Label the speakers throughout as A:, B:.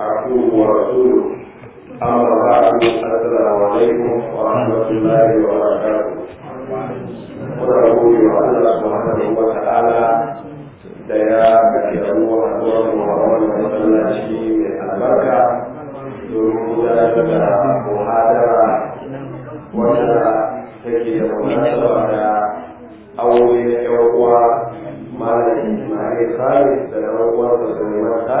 A: عبده ورسوله أما بعد السلام عليكم ورحمة الله وبركاته ورسوله سبحانه وتعالى a tsoron muhammadu masallaci mai albarka da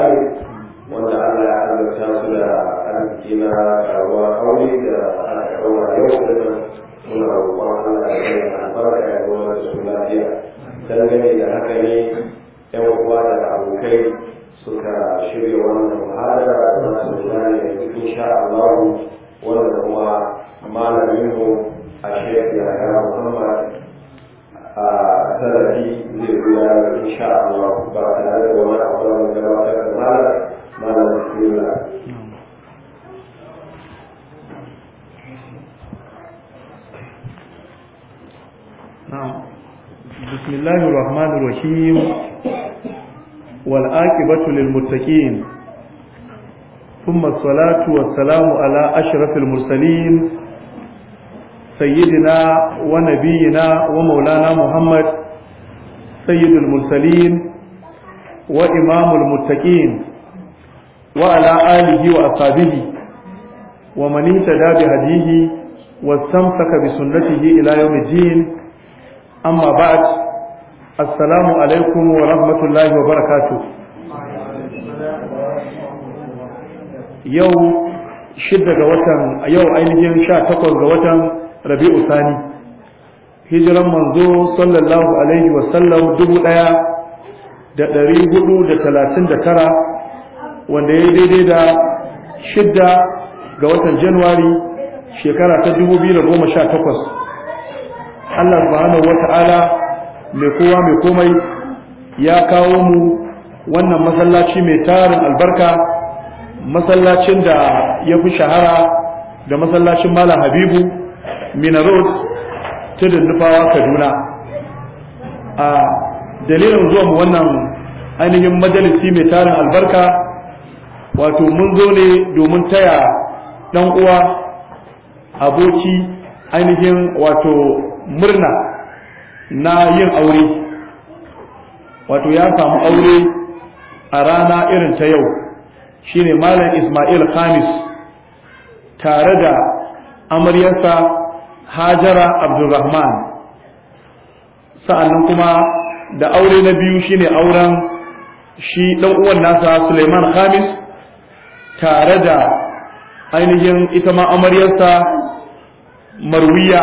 A: da wanda Allah ya azurta su da arziki na karuwa aure da ana yau da nan suna roƙon Allah ya yi albarka ya zama na su lafiya dangane da haka ne yan uwa da abokai suka shirya wannan muhadara na suna ne insha Allah wanda kuma malamin mu a shekara ya Muhammad a sarari zai gudanar insha Allah ba tare da wani abu da gabatar da malam بسم الله
B: الرحمن الرحيم والآكبة للمتقين ثم الصلاة والسلام على أشرف المرسلين سيدنا ونبينا ومولانا محمد سيد المرسلين وإمام المتقين وعلى آله وأصحابه ومن اهتدى بهديه واستمسك بسنته إلى يوم الدين أما بعد السلام عليكم ورحمة الله وبركاته يوم shidda ga watan yau ainihin sha takwas ga watan rabi'u sani hijiran manzo sallallahu alaihi wasallam dubu ɗaya da ɗari huɗu da talatin da tara wanda ya daidai da shidda ga watan januwari shekara ta 2018 Allah subhanahu wata'ala mai kowa mai komai ya kawo mu wannan masallaci mai tarin albarka masallacin da ya fi shahara da masallacin Malam Habibu
C: Minarod ta nufawa Kaduna
B: a dalilin zuwa mu wannan ainihin majalisi mai tarin albarka wato mun zo ne domin taya dan uwa aboki ainihin wato murna na yin aure wato ya samu aure a rana irin ta yau shine malam ismail khamis tare da amaryarsa hajara abdulrahman sa'annan kuma da aure na biyu shine auren shi dan uwan nasa suleiman khamis tare da ainihin ita ma amaryarsa marwiya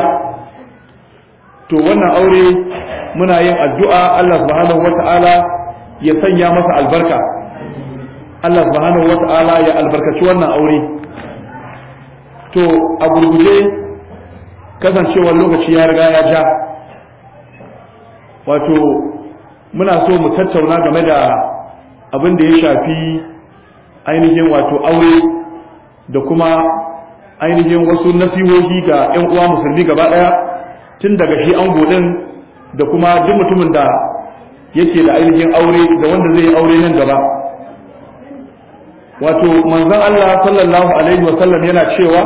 B: to wannan aure muna yin addu'a Allah subhanahu wata'ala ya sanya masa albarka Allah subhanahu wata'ala ya albarkaci wannan aure to a gurguje kasancewar lokaci ya riga ya ja wato muna so mu tattauna game da abin da ya shafi ainihin wato aure da kuma ainihin wasu nasihohi ga 'yan uwa musulmi gaba ɗaya tun daga shi an ɗin da kuma duk mutumin da yake da ainihin aure da wanda zai yi aure nan gaba
C: wato manzon Allah sallallahu alaihi wa sallam yana cewa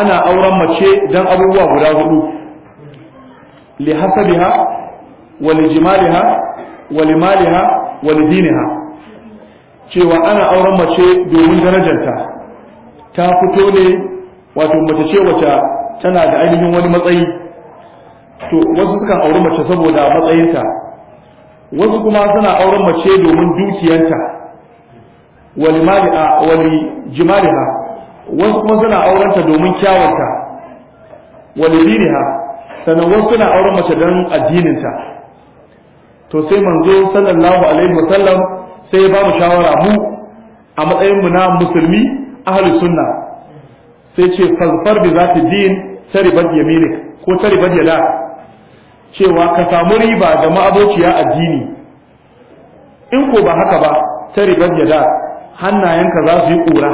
B: ana auren mace dan abubuwa guda hudu li hasabiha wa li jimaliha wa li maliha wa li diniha cewa ana auren mace domin darajarta ta fito ne wato mace ce wata tana da ainihin wani matsayi to wasu sukan auri mace saboda matsayinta wasu kuma suna auren mace domin dukiyanta wali ha? wasu kuma suna aurenta domin kyawanta wani diniha sannan wasu suna auren mace don addininta to sai manzo sallallahu alaihi wasallam sai ya ba mu shawara mu a matsayin mu na musulmi ahli sunna sai ce fazfar bi zati din bad yaminik ko bad yada cewa ka samu riba da ma'abociya addini in ko ba haka ba bad yada hannayenka za su yi kura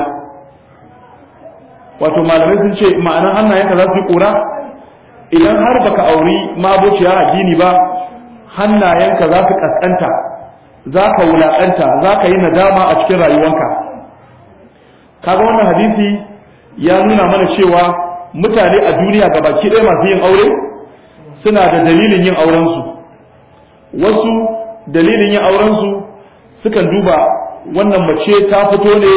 B: wato malamai sun ce ma'anar hannayenka za su yi kura idan har baka auri ma'abociya addini ba hannayenka za su kaskanta za ka wulaƙanta za ka yi nadama a cikin rayuwanka kaga wannan hadisi ya nuna mana cewa mutane a duniya ga baki ɗaya masu yin aure suna da dalilin yin aurensu wasu dalilin yin aurensu sukan duba wannan mace ta fito ne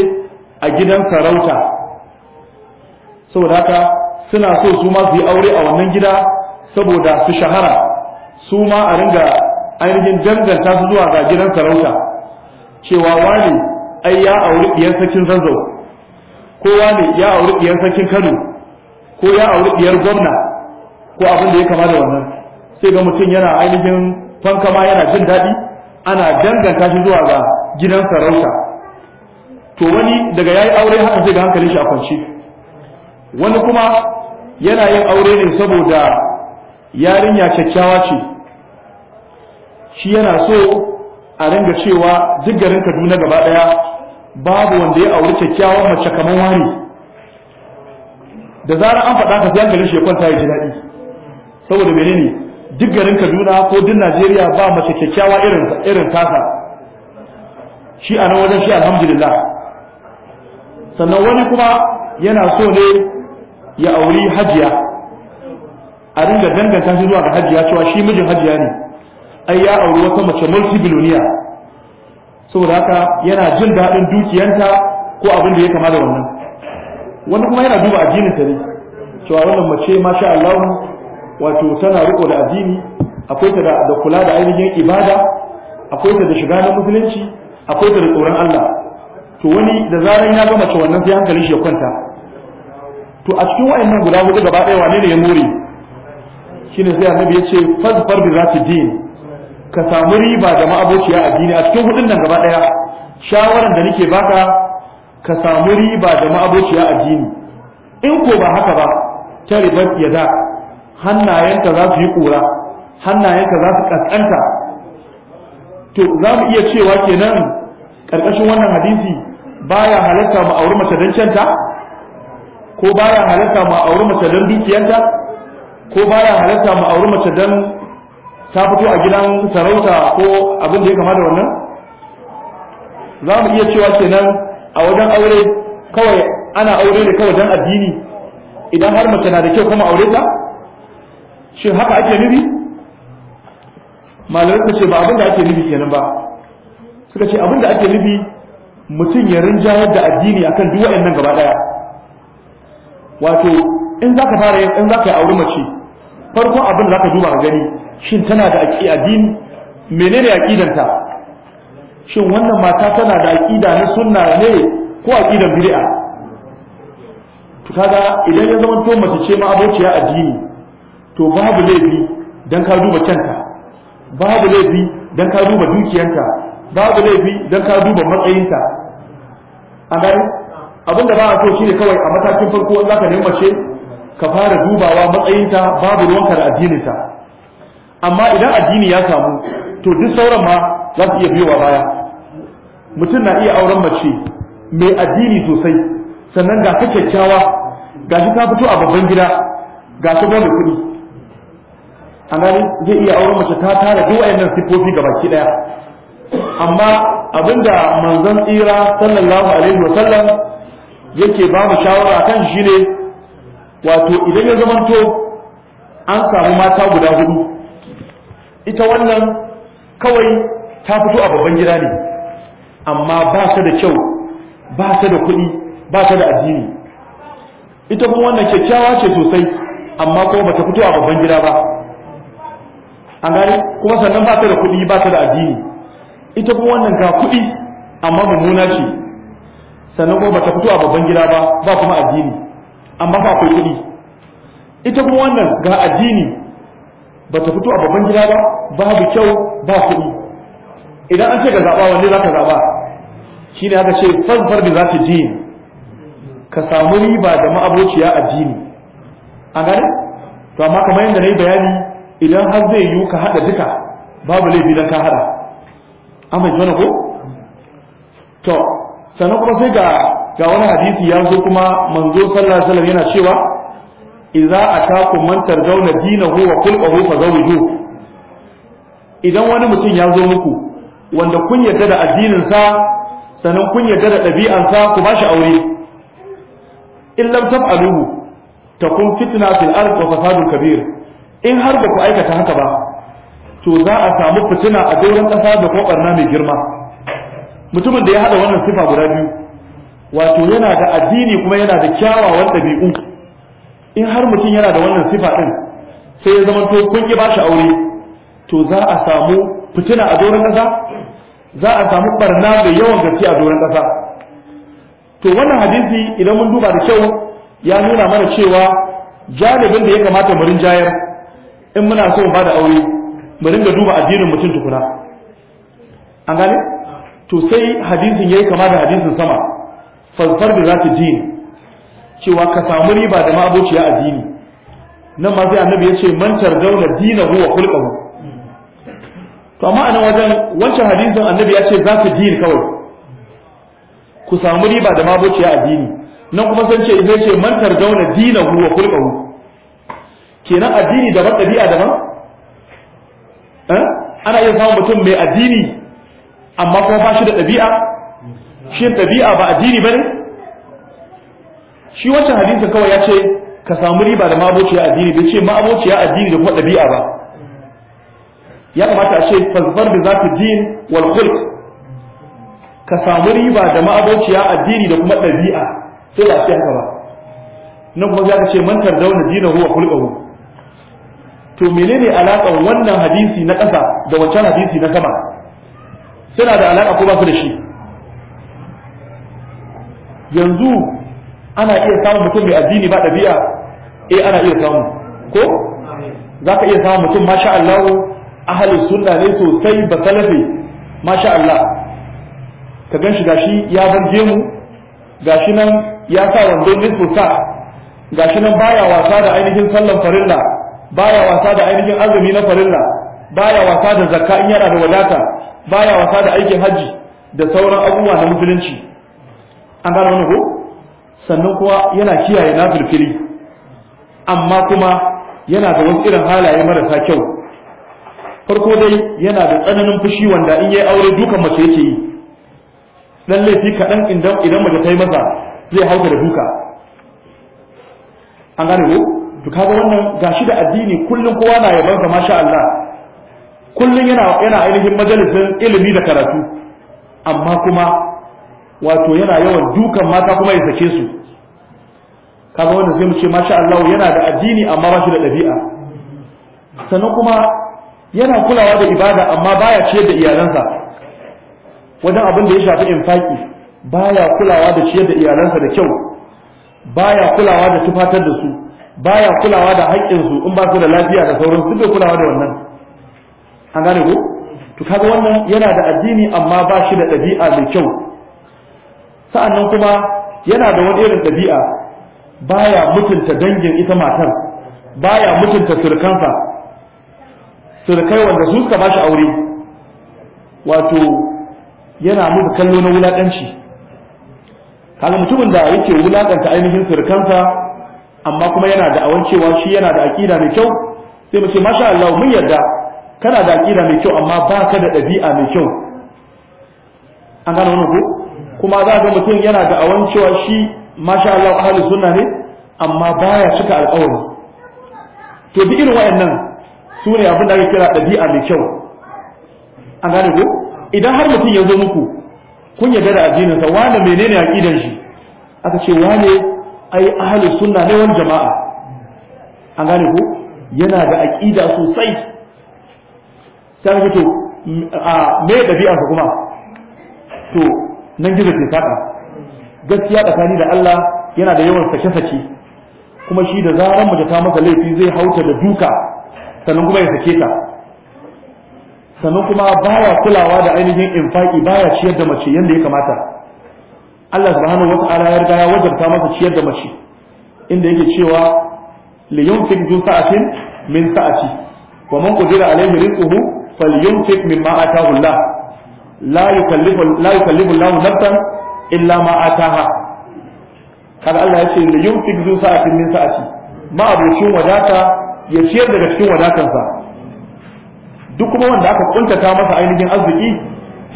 B: a gidan sarauta saboda haka suna so su ma su yi aure a wannan gida saboda su shahara su ma a ringa ainihin danganta su zuwa ga gidan sarauta cewa wani ai ya auri ɗiyan sakin zanzo ko wani ya auri ɗiyar sakin kano ko ya auri ɗiyar gwamna ko abin da ya kama da wannan sai ga mutum yana ainihin fankama yana jin daɗi ana danganta shi zuwa ga gidan sarauta to wani daga yayi aure haka sai ga hankalin shi a kwanci wani kuma yana yin aure ne saboda yarinya kyakkyawa ce shi yana so a ringa cewa duk garin Kaduna gaba daya babu wanda ya auri kyakkyawan mace kamar wani da zarar an faɗa ka sai garin shi ya kwanta ya ji daɗi saboda menene duk garin Kaduna ko duk Najeriya ba mace kyakkyawa irin irin tasa shi a nan wajen shi alhamdulillah sannan wani kuma yana so ne ya auri hajiya a ringa danganta shi zuwa ga hajiya cewa shi mijin hajiya ne ai ya auri wata mace multibiloniya biloniya saboda haka yana jin daɗin dukiyanta ko abin da ya kama da wannan wani kuma yana duba addinin ta ne cewa wannan mace masha Allah wato tana riko da addini akwai ta da kula da ainihin ibada akwai ta da shiga na musulunci akwai ta da tsoron Allah to wani da zaran ya ga mace wannan sai hankalin shi ya kwanta to a cikin wayannan guda hudu gaba ɗaya wane ne ya more shine sai annabi ya ce fazfar bi zati din ka samu riba da ma'abociya addini a cikin hudun nan gaba daya shawaran da nake baka ka samu riba da ma'abociya addini in ko ba haka ba ta ribar da hannayenka za su yi kura hannayenka za su kaskanta to za mu iya cewa kenan karkashin wannan hadisi baya halatta mu auri mace don canta ko baya halarta mu auri mace don dukiyanta ko baya halarta mu auri mace don ta fito a gidan sarauta ko abin da ya kama da wannan za mu iya cewa kenan a wajen aure kawai ana aure ne kawai don addini idan har mace na da kyau kuma aure ta shin haka ake nufi Malamin ka ce ba abin da ake nufi kenan ba suka ce abin da ake nufi mutum ya rinjayar da addini akan duk nan gaba daya wato in za ka fara in za ka yi aure mace farkon abin da za ka duba a gani shin tana da aƙi menene aƙidanta shin wannan mata tana da aƙida na sunna ne ko aƙidan bid'a to kaga idan ya zama to mace ce ma abociya addini to babu laifi dan ka duba kanka babu laifi dan ka duba dukiyanka babu laifi dan ka duba matsayinka a abinda ba a so shine kawai a matakin farko za ka nemi mace ka fara dubawa matsayinta babu ruwanka da addininta amma idan addini ya samu to duk sauran ma za su iya biyowa baya mutum na iya auren mace mai addini sosai sannan ga ta kyakkyawa ga shi ta fito a babban gida ga ta gwamnati kuɗi a gani zai iya auren mace ta tara duk wayannan sifofi ga baki ɗaya. amma abinda manzon tsira sallallahu alaihi wa sallam yake ba mu shawara kan shi ne wato idan ya zamanto an samu mata guda hudu ita wannan kawai ta fito a babban gida ne amma ba ta da kyau ba ta da kuɗi ba ta da addini ita kuma wannan kyakkyawa ce sosai amma kuma ba ta fito a babban gida ba an gani kuma sannan ba ta da kuɗi ba ta da addini ita kuma wannan ga kuɗi amma mummuna ce sannan kuma ba ta fito a babban gida ba ba kuma addini amma ba akwai kuɗi ita kuma wannan ga addini ba ta fito a babban gida ba babu kyau ba kuɗi idan an ce ka zaɓa wanne za ka zaɓa shi ne aka ce fanfar da za ta ji ka samu riba da ma'abociya addini a gani to amma kamar yadda na yi bayani idan har zai yiwu ka haɗa duka babu laifi don ka haɗa an yi ko to sannan kuma sai ga wani hadisi ya zo kuma manzo sallallahu alaihi yana cewa idza ataku man tarzauna dinahu wa fa zawiju idan wani mutum ya zo muku wanda kun yarda da addinin sa sanan kun yarda da sa ku bashi aure in lam taf'aluhu takun fitna fil ardi wa fasadun kabir in har ba ku aikata haka ba to za a samu fitina a doron ƙasa da ko mai girma mutumin da ya hada wannan sifa guda biyu wato yana da addini kuma yana da kyawawan ɗabi'u in har mutum yana da wannan sifa din sai ya zama to kun ki shi aure to za a samu fitina a doron ƙasa, za a samu barna mai yawan gaske a doron ƙasa. to wannan hadisi idan mun duba da kyau ya nuna mana cewa janibin da ya kamata mu rinjayar in muna so mu bada aure mu ringa duba addinin mutum tukuna an gane to sai hadisin yayi kama da hadisin sama falsar da zati din cewa ka samu riba da mabociya addini nan ma sai annabi ya ce mantar man dina dinahu wa khulqahu to amma anan wajen wancan hadisin annabi ya ce za ka din kawai ku samu riba da mabociya addini nan kuma san ce idan ce mantar man dina dinahu wa khulqahu kenan addini daban ɗabi'a daban eh ana iya samun mutum mai addini amma kuma ba shi da ɗabi'a shin ɗabi'a ba addini ba ne shi wancan hadisin kawai ya ce ka samu riba da ma'abociya addini bai ce ma'abociya addini da kuma ɗabi'a ba ya kamata a ce fasfar da zaki din wal khulq ka samu riba da ma'abociya addini da kuma ɗabi'a sai ba ce haka ba nan kuma zaka ce man tardauna dinahu wa to menene alaƙar wannan hadisi na ƙasa da wancan hadisi na sama suna da alaƙa ko ba su da shi yanzu ana iya samun mutum mai addini ba ɗabi'a eh ana iya samu ko za ka iya samun mutum masha Allah ahalin sunna ne sosai ba salafi masha Allah ka gan shi gashi ya bar gemu gashi nan ya sa wando ne sosa gashi nan baya wasa da ainihin sallan farilla baya wasa da ainihin azumi na farilla baya wasa da zakka in yana da wadata baya wasa da aikin hajji da sauran abubuwa na musulunci an gano wani ko sannan kuwa yana kiyaye na firfiri, amma kuma yana da wasu irin halaye marasa kyau farko dai yana da tsananin fushi wanda in yi aure dukan mace yake yi Ɗan laifi kaɗan idan mace ta yi masa zai hauka da duka an gane ko to kaga wannan gashi da addini kullum kowa na yaban sa masha Allah kullum yana yana ainihin majalisin ilimi da karatu amma kuma wato yana yawan dukan mata kuma ya sake su kaga wanda zai mu ce masha Allah yana da addini amma ba shi da ɗabi'a sannan kuma yana kulawa da ibada amma baya ciyar da iyalansa wajen abin da ya shafi infaki baya kulawa da ciyar da iyalansa da kyau baya kulawa da tufatar da su baya kulawa da haƙƙinsu in ba su da lafiya da sauran duk bai kulawa da wannan an gane ko to kaga wannan yana da addini amma ba shi da ɗabi'a mai kyau sa'annan kuma yana da wani irin ɗabi'a baya mutunta dangin ita matar baya mutunta surukansa surukai wanda su suka bashi aure wato yana musu kallo na wulakanci kaga mutumin da yake wulakanta ainihin surukansa amma kuma yana da awan cewa shi yana da aqida mai kyau sai mu ce masha Allah mun yarda kana da aqida mai kyau amma baka da ɗabi'a mai kyau an gane wannan ko kuma za ga mutum yana da awan cewa shi masha Allah ahli sunna ne amma baya cika alƙawari to duk irin wayannan su ne abin da ake kira ɗabi'a mai kyau an gane ko idan har mutum ya zo muku kun yarda da addinin sa wanda menene aqidan shi aka ce wane ai ahli sunna ne wani jama'a an gane ko yana da aqida sosai sai ka to a me ɗabi'a kuma to nan gizo ke fada gaskiya tsakani da Allah yana da yawan sake-sake kuma shi da zaran mace ta masa laifi zai hauta da duka sannan kuma ya sake ta sannan kuma baya kulawa da ainihin infaki baya ciyar da mace yadda ya kamata Allah subhanahu wata'ala ya riga ya wajabta masa ciyar da mace inda yake cewa li yunfiq du sa'atin min sa'ati wa man qadira alayhi rizquhu falyunfiq mimma ataahu Allah la yukallifu la yukallifu Allah nafsan illa ma ataha kada Allah ya ce la yunfiq zu sa'atin min sa'ati ma abokin wadata ya ciyar daga cikin wadatarsa duk kuma wanda aka kuntata masa ainihin arziki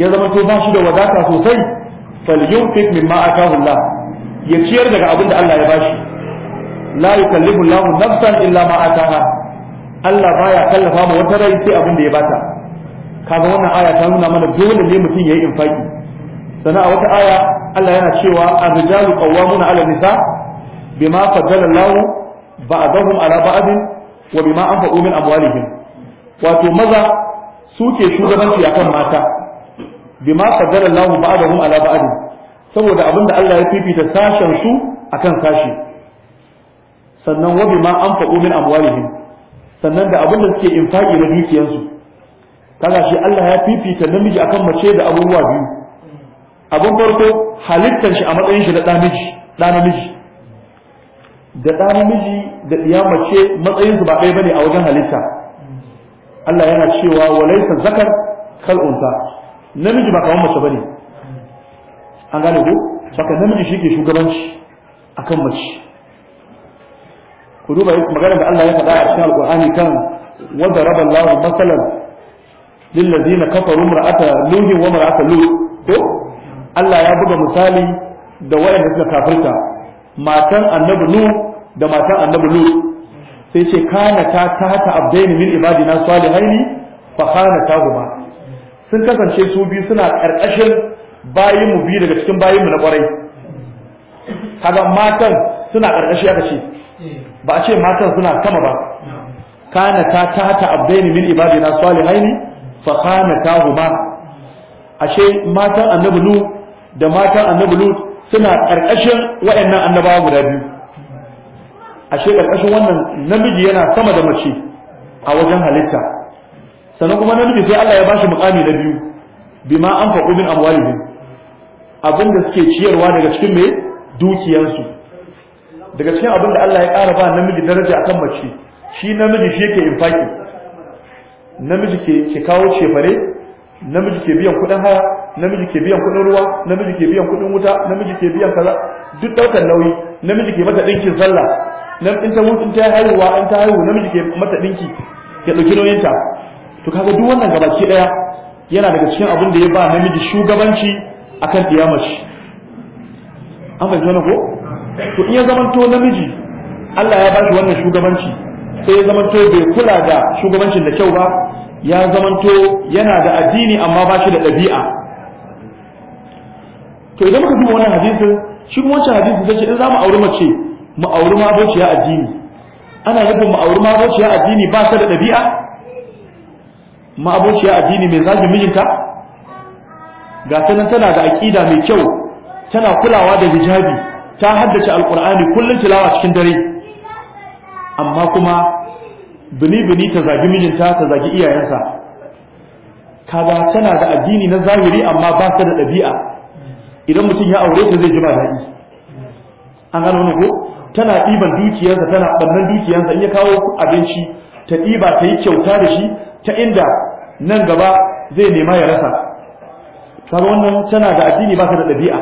B: ya zama to ba shi da wadata sosai falyunfiq mimma atahu Allah ya ciyar daga abin da Allah ya bashi la yukallifu Allah nafsan illa ma ataha Allah baya kallafa mu wata rai sai abin da ya bata kaga wannan aya ta nuna mana dole ne mutum yayi infaki sannan a wata aya Allah yana cewa ar-rijalu qawwamuna 'ala nisa bima faddala Allah ba'dahum 'ala ba'din wa bima anfaqu min amwalihim wato maza suke shugabanci akan mata bima faddala Allah ba'dahum 'ala ba'din saboda abinda Allah ya fifita sashen su akan sashi sannan wa bima anfaqu min amwalihim sannan da abinda suke infaki na dukiyansu kaga shi Allah ya fifita namiji akan mace da abubuwa biyu abun farko halittar shi a matsayin shi da ɗa miji ɗa namiji da ɗa namiji da ɗiya mace matsayin su ba ɗaya bane a wajen halitta Allah yana cewa walaysa zakar kal'unta. namiji ba kamar mace bane an gane ko saka namiji shi ke shugabanci akan mace ku duba maganar da Allah ya faɗa a cikin alƙur'ani kan wanda raba Allah masalan lillazina kafaru mar'ata nuhin wa mar'ata lut ko Allah ya buga misali da wayanda suka kafirta matan annabi nu da matan annabi nu sai ce kana ta ta abdaini min ibadina salihaini fa kana ta guma sun kasance su biyu suna karkashin bayin mu biyu daga cikin bayin mu na kwarai kaga matan suna karkashi aka ce ba a ce matan suna sama ba kana ta ta abdaini min ibadina salihaini fa huma ashe matan annabi nu da matan annabi lu suna karkashin waɗannan annabawa guda biyu ashe karkashin wannan namiji yana sama da mace a wajen halitta sannan kuma namiji sai Allah ya bashi mukami na biyu bima an faɗo min amwalihim abin da suke ciyarwa daga cikin me dukiyansu daga cikin abin da Allah ya ƙara ba namiji daraja akan mace shi namiji shi yake infaki namiji ke ke kawo cefane namiji ke biyan kuɗin haya namiji ke biyan kuɗin ruwa namiji ke biyan kuɗin wuta namiji ke biyan kaza duk ɗaukar nauyi namiji ke mata ɗinkin sallah nan in ta mutu ta haihuwa in ta haihu namiji ke mata ɗinki ya nauyin ta. to kaga duk wannan gabaki ɗaya yana daga cikin abin da ya ba namiji shugabanci akan ɗiyamaci an fahimci wannan ko to in ya zamanto namiji Allah ya ba shi wannan shugabanci sai ya zamanto bai kula da shugabancin da kyau ba ya zamanto yana da addini amma ba shi da ɗabi'a to idan muka duba wannan hadisi shi kuma wancan zai ce in za mu auri mace mu auri ma addini ana nufin mu auri ma addini ba ta da ɗabi'a ma addini mai zagi mijinta ga sanan tana da aƙida mai kyau tana kulawa da hijabi ta haddace alƙur'ani kullum tilawa cikin dare amma kuma bini-bini ta zagi mijinta ta zagi iyayensa kaga tana da addini na zahiri amma ba ta da ɗabi'a idan mutum ya aure ta zai ji ba daɗi an gano ne ko tana ɗiban dukiyarsa tana ɓannan dukiyarsa in ya kawo abinci ta ɗiba ta yi kyauta da shi ta inda nan gaba zai nema ya rasa kaga wannan tana da addini ba ta da ɗabi'a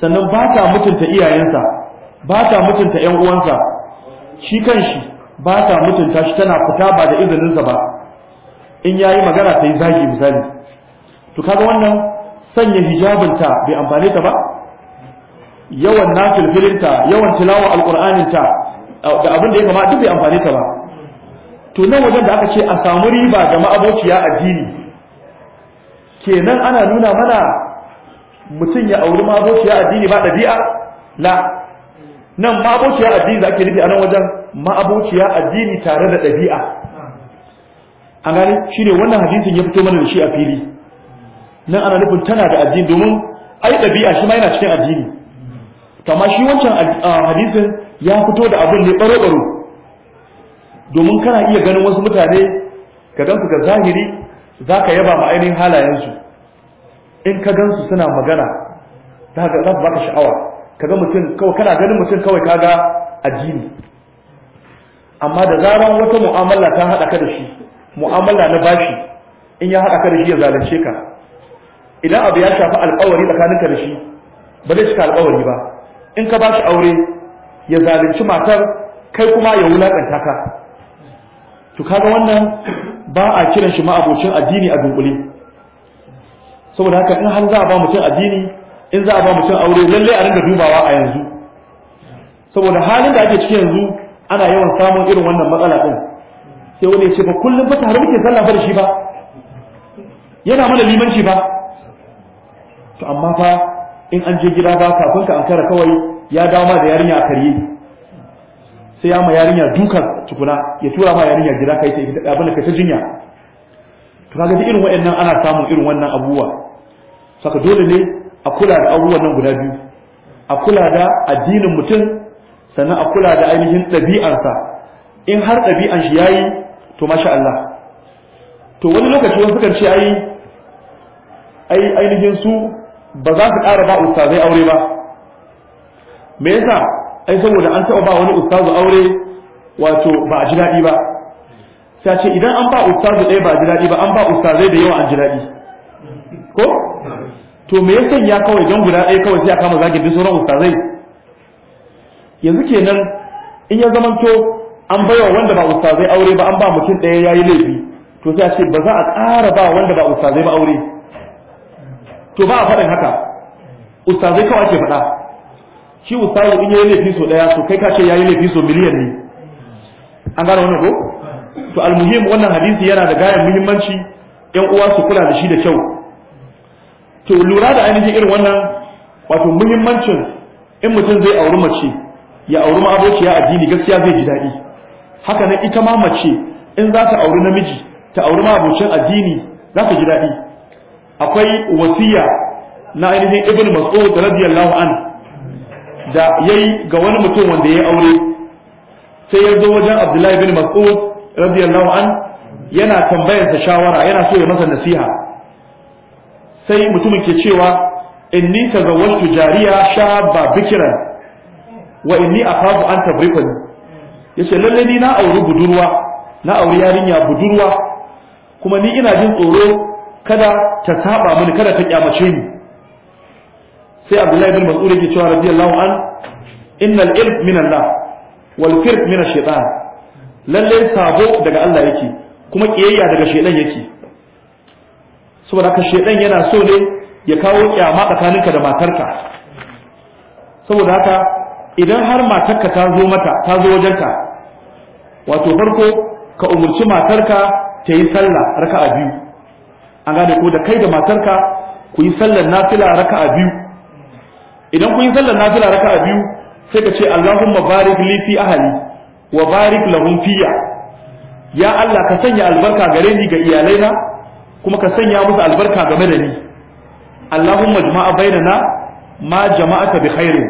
B: sannan ba ta mutunta iyayensa ba ta mutunta 'yan uwansa shi kan shi ba ta mutunta shi tana fita ba da izininsa ba in ya yi magana ta yi zagi misali to kaga wannan sanya hijabinta bai amfane ta ba yawan nafil filinta yawan tilawa alƙur'aninta da abin da ya kama duk bai amfane ta ba to nan wajen da aka ce a samu riba ga ma'abociya addini kenan ana nuna mana mutum ya auri ma'abociya addini ba ɗabi'a la nan ma'abociya addini da ake nufi a nan wajen ma'abociya addini tare da ɗabi'a an gani shine wannan hadisin ya fito mana da shi a fili nan ana nufin tana da addini domin ai ɗabi'a shi ma yana cikin addini kama shi wancan ah, hadisin ya fito da abin ne ɓaro-ɓaro domin kana iya ganin wasu mutane ka gansu ga zahiri za ka yaba ma ainihin halayensu in ka gansu suna magana za ka sha'awa kaga mutum kawai kana ganin mutum kawai kaga addini amma da zaran wata mu'amala ta haɗa ka da shi mu'amala na bashi in ya haɗa ka da shi ya zalunce ka idan abu ya shafi alƙawari ka da shi ba zai cika alƙawari ba in ka bashi aure ya zalunci matar kai kuma ya wulaƙanta ka to kaga wannan ba a kiran shi ma abocin addini a dunkule saboda haka in har za a ba mutum addini in za a ba mutum aure lalle a ringa dubawa a yanzu saboda halin da ake ciki yanzu ana yawan samun irin wannan matsala din sai wani ce ba kullum ba tare muke sallah bar shi ba yana mana limanci ba to amma fa in an je gida ba kafin ka ankara kawai ya dawo da yarinya a karye sai ya ma yarinya dukan tukuna ya tura ma yarinya gida kai ta abin da kai ta jinya to kaga irin waɗannan ana samun irin wannan abubuwa saka dole ne a kula da abubuwan nan guda biyu a kula da addinin mutum sannan a kula da ainihin ɗabi'arsa in har ɗabi'an shi yayi to masha Allah to wani lokaci wani sukan ce ai ai ainihin su ba za su ƙara ba ustazai aure ba me yasa ai saboda an taɓa ba wani ustazu aure wato ba a ji daɗi ba sai ce idan an ba ustazu ɗaya ba a ji daɗi ba an ba ustazai da yawa an ji daɗi ko to me ya sanya kawai don guda ɗaya kawai sai a kama zagin duk sauran ustazai yanzu kenan in ya zamanto an baiwa wanda ba ustazai aure ba an ba mutum ɗaya ya yi laifi to sai a ce ba za a ƙara ba wanda ba ustazai ba aure to ba a faɗin haka ustazai kawai ake faɗa shi Ustazai in ya yi laifi so ɗaya to kai ka ce ya yi laifi so miliyan ne an gane wannan ko to almuhim wannan hadisi yana da gayan muhimmanci yan uwa su kula da shi da kyau to lura da ainihin irin wannan wato muhimmancin in mutum zai auri mace ya auri ma abociya addini gaskiya zai ji daɗi haka nan ita ma mace in za ta auri namiji ta auri ma abocin addini za ta ji daɗi akwai wasiya na ainihin ibn mas'ud radiyallahu an da yayi ga wani mutum wanda ya aure sai ya zo wajen abdullahi ibn mas'ud radiyallahu an yana tambayar shawara yana so ya masa nasiha sai mutumin ke cewa inni tazawwajtu jariya shabba bikran wa inni akhafu an tabrikani yace lalle ni na auri budurwa na auri yarinya budurwa kuma ni ina jin tsoro kada ta saba mini kada ta kyamace ni sai abdullahi bin mas'ud yake cewa radiyallahu an innal ilm min Allah wal firq min ash-shaytan lalle sabo daga Allah yake kuma kiyayya daga shaytan yake saboda ka shedan yana so ne ya kawo kyama tsakaninka da matarka saboda haka idan har matarka ta zo mata ta zo wajenka wato farko ka umurci matarka ta yi sallah raka'a biyu an gane ko da kai da matarka ku yi sallar nafila raka'a biyu idan ku yi sallar nafila raka'a biyu sai ka ce Allahumma barik li fi ahli wa barik lahum fiya ya Allah ka sanya albarka gare ni ga iyalaina kuma ka sanya musu albarka game da ni Allahumma jama'a bainana ma jama'ata bi khairin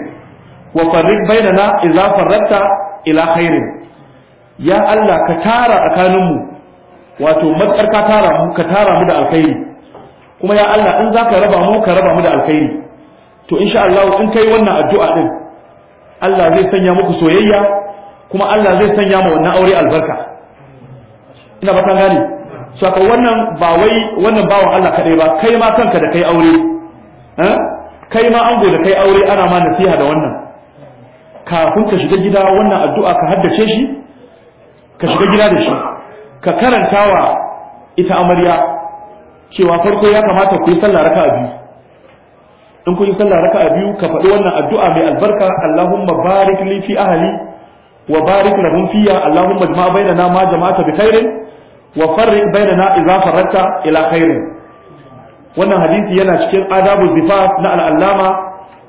B: wa farriq bainana idza farraqta ila khairin ya Allah ka tara tsakaninmu wato matsar ka tara mu ka tara mu da alkhairi kuma ya Allah in zaka raba mu ka raba mu da alkhairi to insha Allah in kai wannan addu'a din Allah zai sanya muku soyayya kuma Allah zai sanya ma wannan aure albarka ina ba gane saka wannan ba wai wannan bawan Allah kadai ba kai ma kanka da kai aure eh? kai ma ango da kai aure ana ma nasiha da wannan kafin ka shiga gida wannan addu'a ka haddace shi ka shiga gida da shi ka karantawa ita amarya cewa farko ya kamata ku yi sallah raka'a biyu in kun yi sallah raka'a biyu ka faɗi wannan addu'a mai albarka Allahumma barik li fi ahli wa barik lahum fiya Allahumma jama'a bainana ma jama'ata bi khairin wa farriq bainana idza farratta ila khairin wannan hadisi yana cikin adabu zifaf na al'allama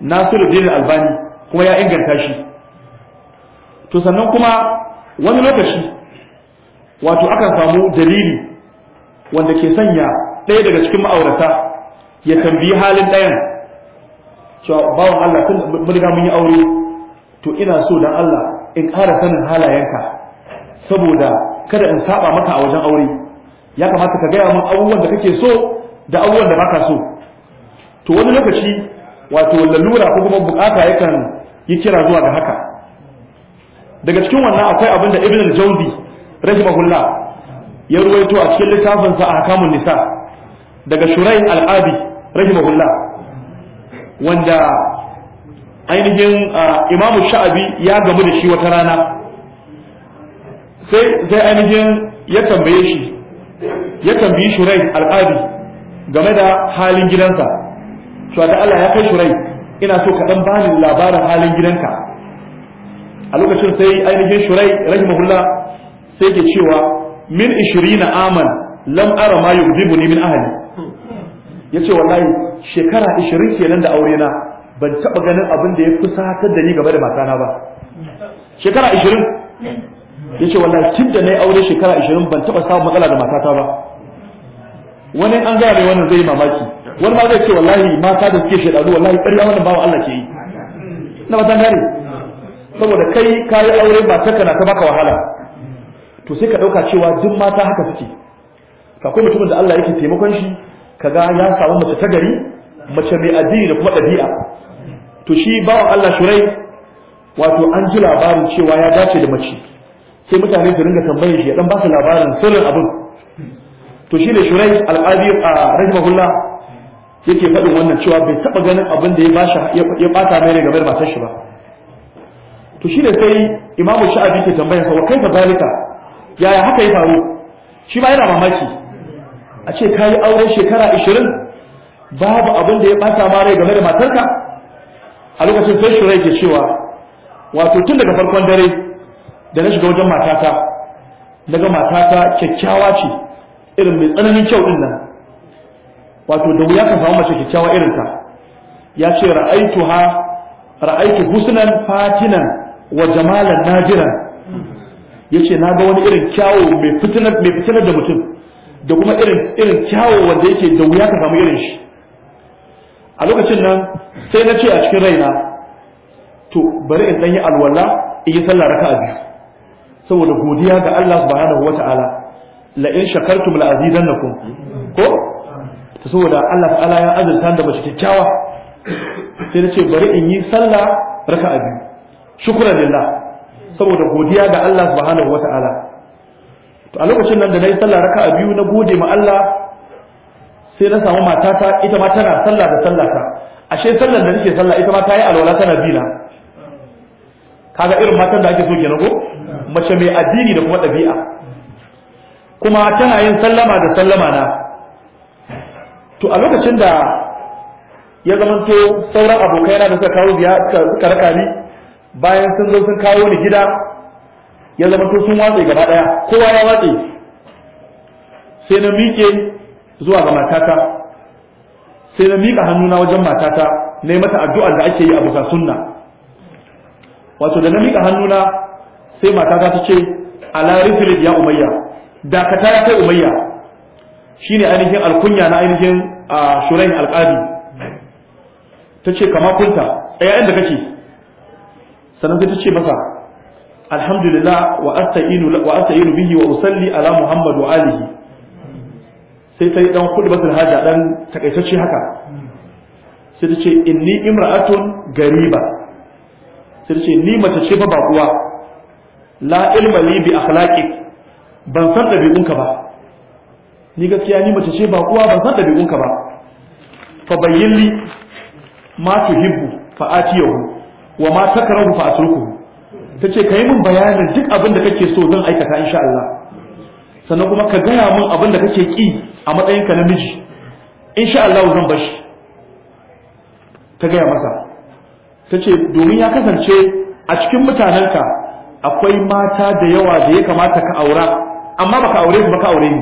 B: nasiruddin albani kuma ya inganta shi to sannan kuma wani lokaci wato akan samu dalili wanda ke sanya ɗaya daga cikin ma'aurata ya tambayi halin ɗayan cewa bawan Allah tun mun riga mun yi aure to ina so dan Allah in ƙara sanin halayenka saboda kada in saba maka a wajen aure ya kamata ka gaya min abubuwan da kake so da abubuwan da baka so to wani lokaci wato lalura ko kuma bukata yakan yi kira zuwa ga haka daga cikin wannan akwai abin da ibn al-jawzi rahimahullah ya ruwaito a cikin littafinsa a hakamun nisa daga shurayn al-abi rahimahullah wanda ainihin ah, imamu sha'abi ya gamu da shi wata rana sai sai ainihin ya tambaye shi ya tambayi shurai al'adi game da halin gidansa to da Allah ya kai shurai ina so ka dan bani labarin halin gidanka a lokacin sai ainihin shurai rahimahullah sai ke cewa min 20 aman lam ara ma yubdibuni min ahli yace wallahi shekara 20 kenan da aure na ban taba ganin abin da ya kusatar da ni game da matana ba shekara 20 yace wallahi tun da na yi aure shekara 20 ban taba samun matsala da matata ba wani an gaya mai wannan zai mamaki wani ma zai ce wallahi mata da suke shedadu wallahi ƙarya wannan wa Allah ke yi
C: na matan gare saboda kai kayi aure ba ta kana ta baka wahala
B: to sai ka ɗauka cewa duk mata haka suke akwai mutumin da Allah yake taimakon shi ka ga ya samu mace ta gari mace mai addini da kuma ɗabi'a to shi bawan Allah shurai wato an ji labarin cewa ya dace da mace sai mutane su ringa tambayar shi ya dan ba labarin sirrin abin to shine shurai al-qadi rahimahullah yake faɗin wannan cewa bai taɓa ganin abin da ya bashi ya bata mai ne game da matar shi ba to shine sai imamu sha'abi ke tambayar sa wa kaifa zalika yaya haka ya faru shi ba yana mamaki a ce kayi auren shekara 20 babu abin da ya bata ma game da matarka a lokacin sai shurai ke cewa wato tun daga farkon dare da na shiga wajen matata daga matata kyakkyawa ce irin mai tsananin kyau din nan wato da wuya kan samu mace kyakkyawa irin ta ya ce ha ra'aitu husnan fatinan wa jamalan najiran yace na ga wani irin kyawo mai fitinar mai fitinar da mutum da kuma irin irin kyawo wanda yake da wuya ka samu irin shi a lokacin nan sai na ce a cikin raina to bari in dan yi alwala in yi sallah raka'a biyu saboda godiya ga Allah subhanahu wata'ala la in shakartum la azidannakum ko to saboda Allah ta'ala ya azurta da mace kyakkyawa sai ta ce bari in yi sallah raka'a biyu shukran lillah saboda godiya ga Allah subhanahu wata'ala to a lokacin nan da nayi sallah raka'a biyu na gode ma Allah sai na samu matata ita ma tana sallah da sallata ashe sallar da nake sallah ita ma ta yi alwala tana bila kaga irin matan da ake so kenan ko mace mai addini da kuma ɗabi'a kuma tana yin sallama da sallama na to a lokacin da ya zamanto sauran abokai na da suka kawo biya suka raka ni bayan sun zo sun kawo ni gida ya zamanto sun watse gaba ɗaya kowa ya watse sai na miƙe zuwa ga matata sai na miƙa hannuna wajen matata na mata addu'ar da ake yi a buka sunna wato da na miƙa hannuna sai mata ta ce ala rijlin ya umayya dakata ya kai umayya shine ainihin alkunya na ainihin a shurain alqadi tace kama kunta ɗaya da kake sannan sai ce masa alhamdulillah wa asta'inu wa asta'inu bihi wa usalli ala muhammad wa alihi sai ta yi dan khutbatul haja dan takaitacce haka sai ta ce inni imra'atun gariba sai ta ce ni mace ce fa baƙuwa la ilma li bi akhlaqi ban san dabi'unka ba ni gaskiya ni mace ce ba kuwa ban san dabi'unka ba fa bayyin li ma tuhibbu fa atiyahu wa ma takrahu fa atruku tace kai mun bayanin duk abin da kake so zan aikata insha Allah sannan kuma ka gaya mun abin da kake ki a matsayinka ka namiji insha Allah zan bashi ta gaya masa tace domin ya kasance a cikin mutanen ka. akwai mata da yawa da ya kamata ka aura amma baka aure su baka aure ni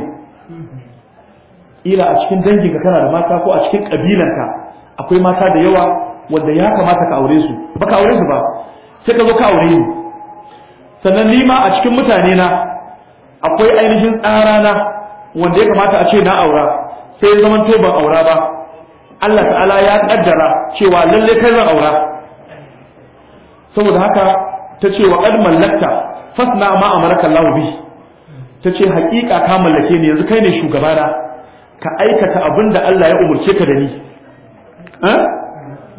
B: ila a cikin danginka kana da mata ko a cikin kabilanka akwai mata da yawa wanda ya kamata ka aure su baka aure su ba sai ka zo ka aure ni sannan ni ma a cikin mutane na akwai ainihin tsara na wanda ya kamata a ce na aura sai ya zama to ban aura ba Allah ta'ala ya kaddara cewa lalle kai zan aura saboda haka ta ce wa qad mallakta fasna ma amaraka Allah bi ta ce haƙiƙa ka mallake ni yanzu kai ne shugabana ka aikata abin da Allah ya umarce ka da ni eh?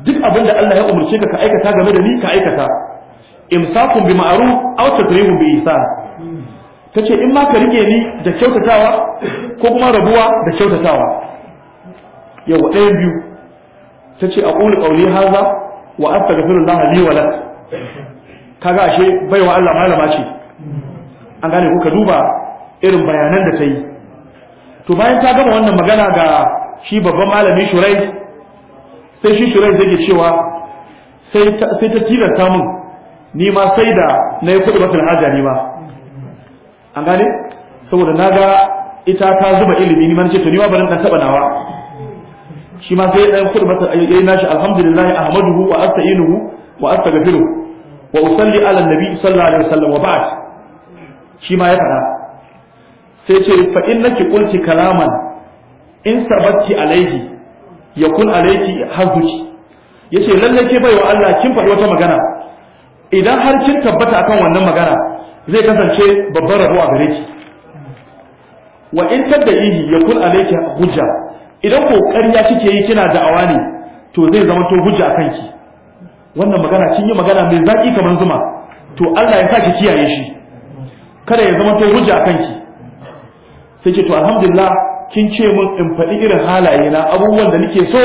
B: duk abin da Allah ya umarce ka ka aikata game da ni ka aikata imsakun bi ma'ruf aw tadrihun bi ihsan tace in ma ka rike ni da kyautatawa ko kuma rabuwa da kyautatawa Yau ɗaya biyu tace a qawli hadha wa astaghfirullaha li wa lak Ka ga ashe baiwa Allah malama ce an gane ko ka duba irin bayanan da ta yi to bayan ta gama wannan magana ga shi babban malami shurai sai shi shurai zai cewa sai ta tilasta mun ni ma sai da na yi kuɗi mafi haja ni ma an gane saboda na ga ita ta zuba ilimi ni ma ce to ni ma barin dan taba nawa shi ma sai dan kuɗi mafi ayyai nashi alhamdulillah ahmaduhu wa asta'inuhu wa astaghfiruhu wa usalli ala nabi sallallahu alaihi wasallam wa ba'd shi ma ya fara sai ce fa innaki qulti kalaman in sabatti alaihi yakun alaiki hazuki yace lalle ke baiwa Allah kin faɗi wata magana idan har kin tabbata akan wannan magana zai kasance babbar rabo a gare ki wa in tadaihi yakun alaiki hujja idan kokari ya kike yi kina da'awa ne to zai zama to hujja kanki ki wannan magana kin yi magana mai zaki kamar zuma to Allah ya saki kiyaye shi kada ya zama sai hujja kanki sai ce to alhamdulillah kin ce mun in faɗi irin halaye na abubuwan da nake so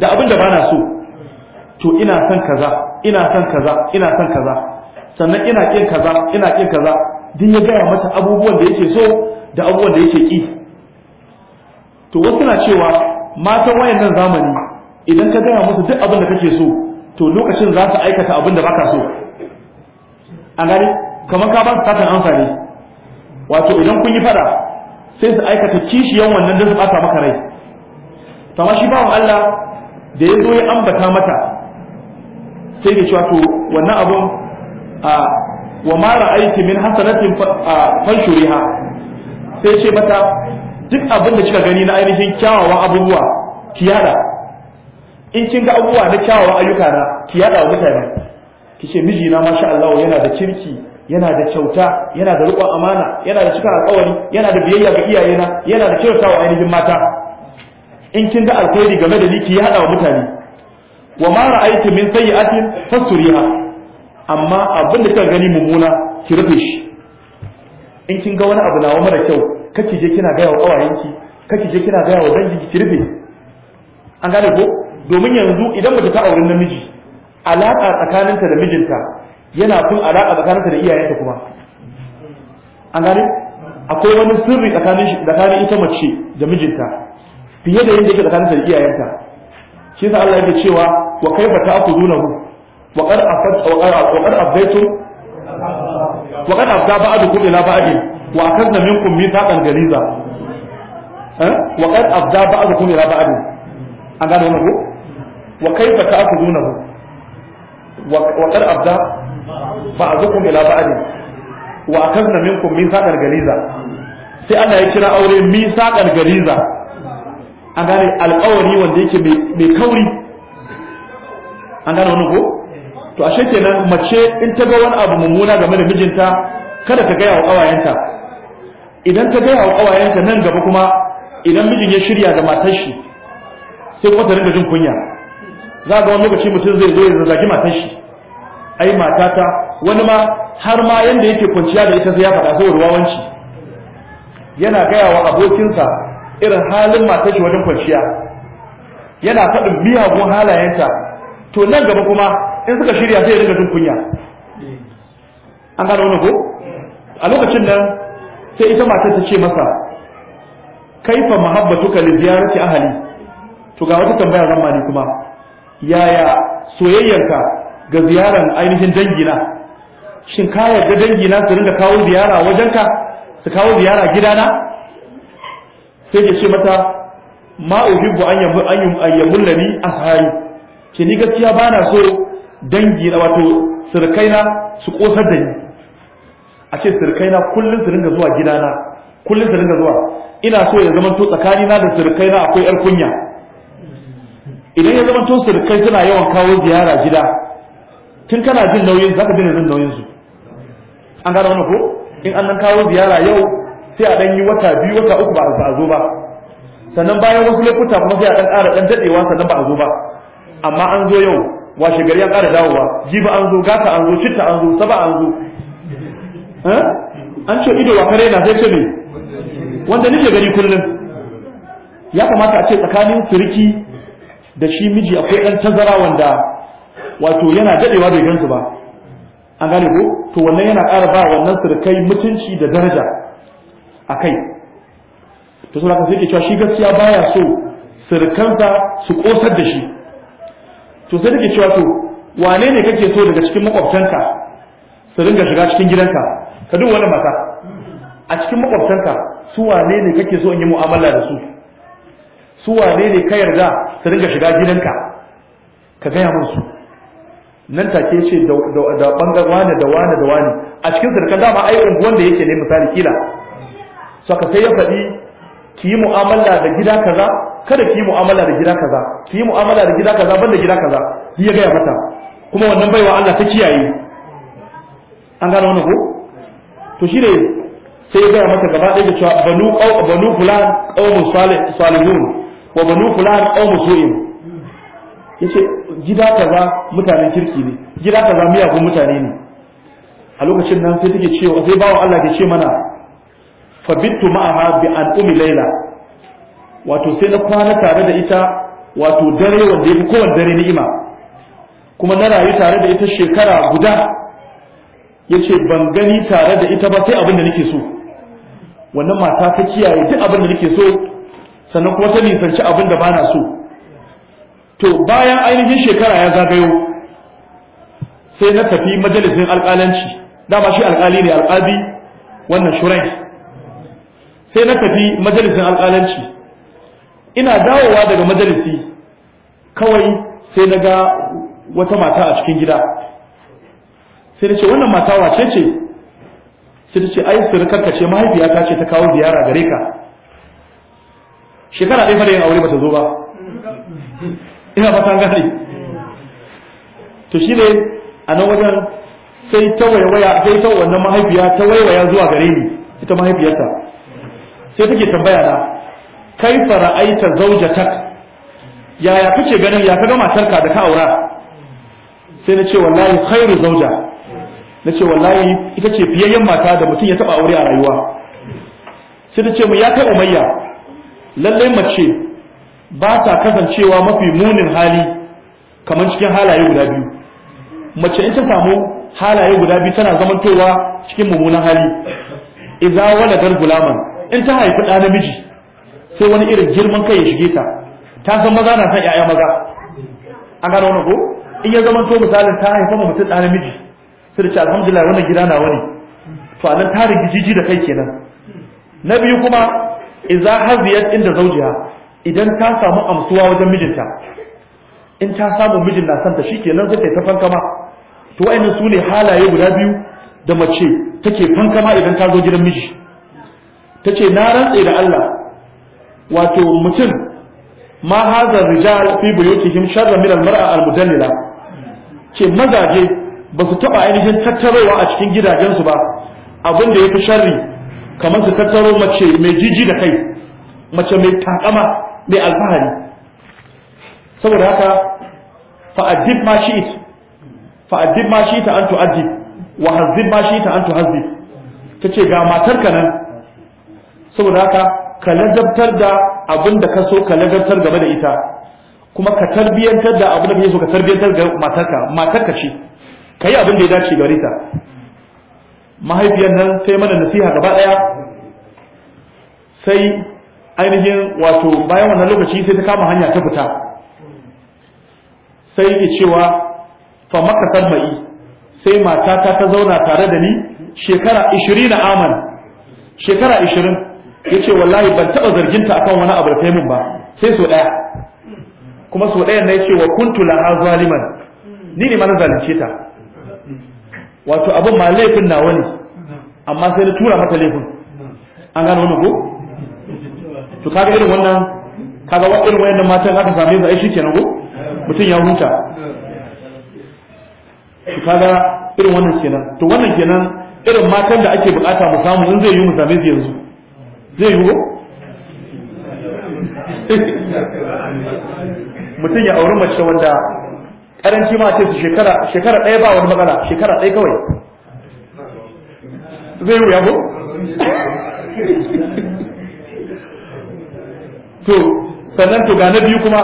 B: da abin da bana so to ina son kaza ina son kaza ina son kaza sannan ina kin kaza ina kin kaza din ya gaya mata abubuwan da yake so da abubuwan da yake ki to wasu na cewa matan wayannan zamani idan ka gaya musu duk abin da kake so to lokacin za su aikata abin da baka so A gani kamar ka ba su satan wato idan kun yi fada sai su aikata kishiyan wannan da su bata maka rai Kama shi bawan Allah da ya zo ya ambata mata sai da cewa to wannan abun a wa mara aiki min hasanatin fanshuriha sai ce mata duk abin da kika gani na ainihin kyawawan abubuwa ki yada in kin ga abubuwa na kyawawan ayyuka na ki yada wa mutane ki ce miji na masha Allah yana da kirki yana da kyauta yana da riƙon amana yana da cikin alƙawari yana da biyayya ga iyayena yana da kyautawa ainihin mata in kin ga alkhairi game da ni ki yada wa mutane wa ma ra'aytu min sayyi'atin fasuriha amma abin da kika gani mummuna ki rufe shi in kin ga wani abu nawa mara kyau kake je kina ga wa kawayenki kake je kina ga wa dangi ki rufe an gane ko domin yanzu idan mace ta auri namiji alaƙa tsakaninta da mijinta yana kun alaƙa tsakaninta da iyayenta kuma an gane akwai wani sirri tsakanin tsakanin ita mace da mijinta fiye da yadda yake tsakaninta da iyayenta shi yasa Allah yake cewa wa kaifa ta'khudunahu wa qad afad wa qad wa qad afaitu
C: wa qad afda ba'dukum
B: ila ba'din wa akadna minkum mithaqan galiza eh? wa qad afda ba'dukum ila ba'din an gane wannan ko wa kaifa ta'khudunahu wa qad abda ba'dukum ila ba'd wa akazna minkum mithaqan galiza sai Allah ya kira aure mithaqan gariza an gane alƙawari wanda yake mai kauri an gane wani ko to ashe kenan mace in ta ga wani abu mummuna game da mijinta kada ta gaya wa ƙawayenta idan ta gaya wa ƙawayenta nan gaba kuma idan mijin ya shirya da matar shi sai kuma ta rinka jin kunya za ga wani lokaci mutum zai zo ya zazzagi matan shi ai matata wani ma har ma yanda yake kwanciya da ita sai ya faɗa sai ruwawanci yana gaya wa abokinsa irin halin matan shi wajen kwanciya yana faɗin miyagun halayenta to nan gaba kuma in suka shirya sai ya dinga jin kunya an gano wani ko a lokacin nan sai ita matar ta ce masa kaifa mahabbatuka li ziyarati ahli to ga wata tambaya zan kuma yaya soyayyarka ga ziyarar ainihin dangina shin ka yarda dangina su rinda kawo ziyara wajenka su kawo ziyara gidana sai ya ce mata ma uhibbu an yamullani ashari ke ni gaskiya bana so dangi na wato sirkaina su kosar da ni a ce sirkaina kullum su ringa zuwa gidana kullum su ringa zuwa ina so ya zama to tsakanina da sirkaina akwai yar kunya idan ya zama to surukai suna yawan kawo ziyara gida tun kana jin nauyin Za ka jin jin nauyin su an gane wani ko in an nan kawo ziyara yau sai a dan yi wata biyu wata uku ba a zo ba sannan bayan wasu lokuta kuma sai a dan ƙara dan dadewa sannan ba a zo ba amma an zo yau washe gari an ƙara dawowa jiba an zo gata an zo citta an zo saba an zo eh? an ce ido wa kare na sai ce ne wanda nake gari kullum ya kamata a ce tsakanin surki da shi miji akwai ɗan tazara wanda wato yana daɗewa bai gansu ba an gane ko to wannan yana ƙara ba wannan surukai mutunci da daraja a kai to sun haka sai cewa shi gaskiya baya so surukansa su ƙosar da shi to sai take cewa to wane ne kake so daga cikin makwabtanka su ringa shiga cikin gidanka ka duk wani mata a cikin makwabtanka su wane ne kake so in yi mu'amala da su su wane ne ka yarda su ringa shiga gidanka ka gaya musu nan take ce da bangar wane da wane da wane a cikin sirkan dama ai unguwan da yake ne misali kila saka sai ya faɗi ki yi mu'amala da gida kaza kada ki yi mu'amala da gida kaza ki yi mu'amala da gida kaza banda gida kaza ya gaya mata kuma wannan baiwa Allah ta kiyaye an gano wannan ko to shi ne sai ya gaya mata gaba ɗaya da cewa banu banu fulan qaumun salihun wa banu fulan aw musu'in yace gida kaza mutanen kirki ne gida kaza miyagun mutane ne a lokacin nan sai take cewa sai wa Allah ke ce mana fabittu ma'aha bi an laila wato sai na kwana tare da ita wato dare wanda yafi kowanne dare ni'ima kuma na rayu tare da ita shekara guda yace ban gani tare da ita ba sai abin da nake so wannan mata ta kiyaye duk abin da nake so sannan kuma ta nisanci abin da bana so to bayan ainihin shekara ya zagayo sai na tafi majalisin alƙalanci dama shi alƙali ne alƙabi wannan shurai sai na tafi majalisin alƙalanci ina dawowa daga majalisi kawai sai na ga wata mata a cikin gida sai na ce wannan mata wace ce sai ta ce ai surukarka ce mahaifiyata ce ta kawo ziyara gare ka shekara ɗaya fa da yin aure bata zo ba ina ba san gane to shi ne a nan wajen sai ta waiwaya sai ta wannan mahaifiya ta waiwaya zuwa gare ni ita mahaifiyarta sai take tambaya na kai fara'aita zaujatak yaya kuke ganin ya kaga matarka da ka aura sai na ce wallahi khairu zauja na ce wallahi ita ce fiyayyen mata da mutum ya taba aure a rayuwa sai ta ce mu ya kai umayya lallai mace ba ta kasancewa mafi munin hali kamar cikin halaye guda biyu mace in ta samu halaye guda biyu tana zamantowa cikin mummunan hali wala waladar gulaman in ta haifi ɗa namiji sai wani irin girman kai ya shige ta ta san maza na san ƴaƴa maza an gano wannan ko in ya zaman to misalin ta haifa ma mutum ɗa namiji sai da ce alhamdulillah wannan gida na wani. to anan ta rigiji da kai kenan na biyu kuma idza haziyat inda zawjiha idan ta samu amsuwa wajen mijinta in ta samu mijin na santa shikenan zai ta fankama to wayannan su ne halaye guda biyu da mace take fankama idan ta zo gidan miji tace na rantse da Allah wato mutum ma hadha rijal fi buyutihim sharra min al-mar'a al-mudallila ce mazaje ba su taba ainihin tattarowa a cikin gidajensu ba abinda da yafi sharri kamar su tattaro mace mai jiji da kai mace mai takama mai alfahari saboda haka fa'adib ma shi'it fa'adib ma shi'ita an tu'addib wa hazib ma shi shi'ita an Ta ce ga matarka nan saboda haka ka ladabtar da abin da ka so ka ladabtar game da ita kuma ka tarbiyantar da abin da ka so ka tarbiyantar ga matarka matarka ce Ka yi abin da ya dace gare ta mahaifiyar nan sai mana nasiha gaba ɗaya, sai ainihin wato bayan wannan lokaci sai ta kama hanya ta fita sai yake cewa fa makasar mai sai matata ta zauna tare da ni shekara 20 aman shekara 20 yace wallahi ban taba zarginta akan wani abu da mun ba sai so ɗaya. kuma so daya na yace wa kuntu la'a zaliman ni ne mana zalunce ta wato abin ma laifin nawa ne amma sai na tura maka laifin an gano wani ko to kaga irin wannan kaga wa irin wayannan matan aka same su ai shikenan ko mutum ya huta to kaga irin wannan kenan to wannan kenan irin matan da ake bukata mu samu in zai yi mu same su yanzu zai yi ko
C: mutum
B: ya auri mace wanda karanci ma ce shekara shekara ɗaya ba wani matsala shekara ɗaya kawai zai wuya ko to sannan to ga biyu kuma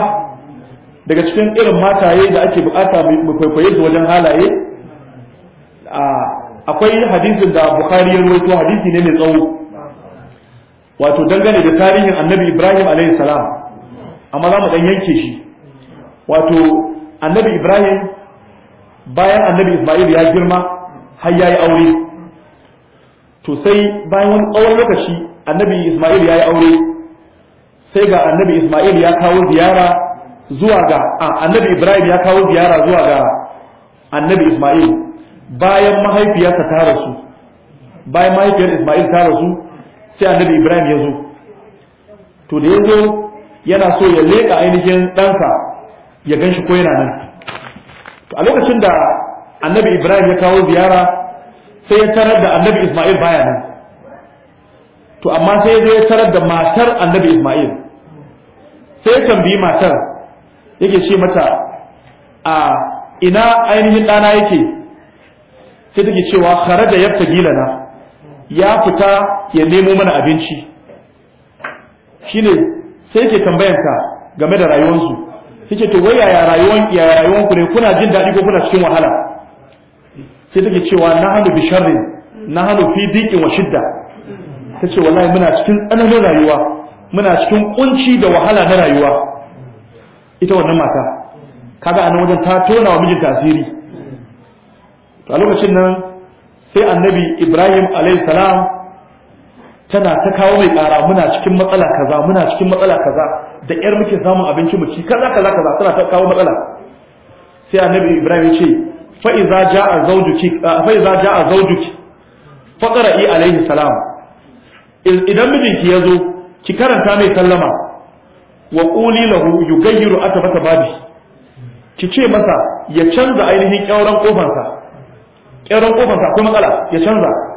B: daga cikin irin mataye da ake bukata mu kwaikwaye da wajen halaye akwai hadisin da bukari ya rawaito hadisi ne mai tsawo wato dangane da tarihin annabi ibrahim alayhi salam amma za mu ɗan yanke shi wato annabi ibrahim bayan annabi isma'il ya girma har yayi aure to sai bayan wani tsawon lokaci annabi isma'il yayi aure sai ga annabi isma'il ya kawo ziyara zuwa ga annabi ibrahim ya kawo ziyara zuwa ga annabi isma'il bayan mahaifiyarsa ta rasu bayan mahaifiyar isma'il ta rasu sai annabi ibrahim ya zo to da ya zo yana so ya leƙa ainihin ɗansa ya gan shi ko yana nan a lokacin da annabi ibrahim ya kawo ziyara sai ya tarar da annabi isma'il baya nan to amma sai ya ya tarar da matar annabi isma'il sai ya tambayi matar yake ce mata a ina ainihin ɗana yake sai take cewa kare da yabta gilana ya fita ya nemo mana abinci shine sai yake tambayanta game da rayuwarsu take to wai yaya rayuwan yaya rayuwan ku ne kuna jin daɗi ko kuna cikin wahala sai take cewa na hanu bi na hanu fi diqin wa shidda tace wallahi muna cikin tsananin rayuwa muna cikin kunci da wahala na rayuwa ita wannan mata kaga anan wajen ta tona wa mijinta tasiri to a lokacin nan sai annabi Ibrahim alayhi salam tana ta kawo mai ƙara muna cikin matsala kaza muna cikin matsala kaza da ƴar muke samun abinci mu ci kaza kaza kaza tana ta kawo matsala sai annabi ibrahim ya ce fa iza jaa zawjuki fa iza jaa zawjuki qara'i alayhi salam idan mijinki ya zo ki karanta mai sallama wa quli lahu yughayyiru atabata babi ki ce masa ya canza ainihin ƙyauren kofansa ƙyauren kofansa akwai matsala ya canza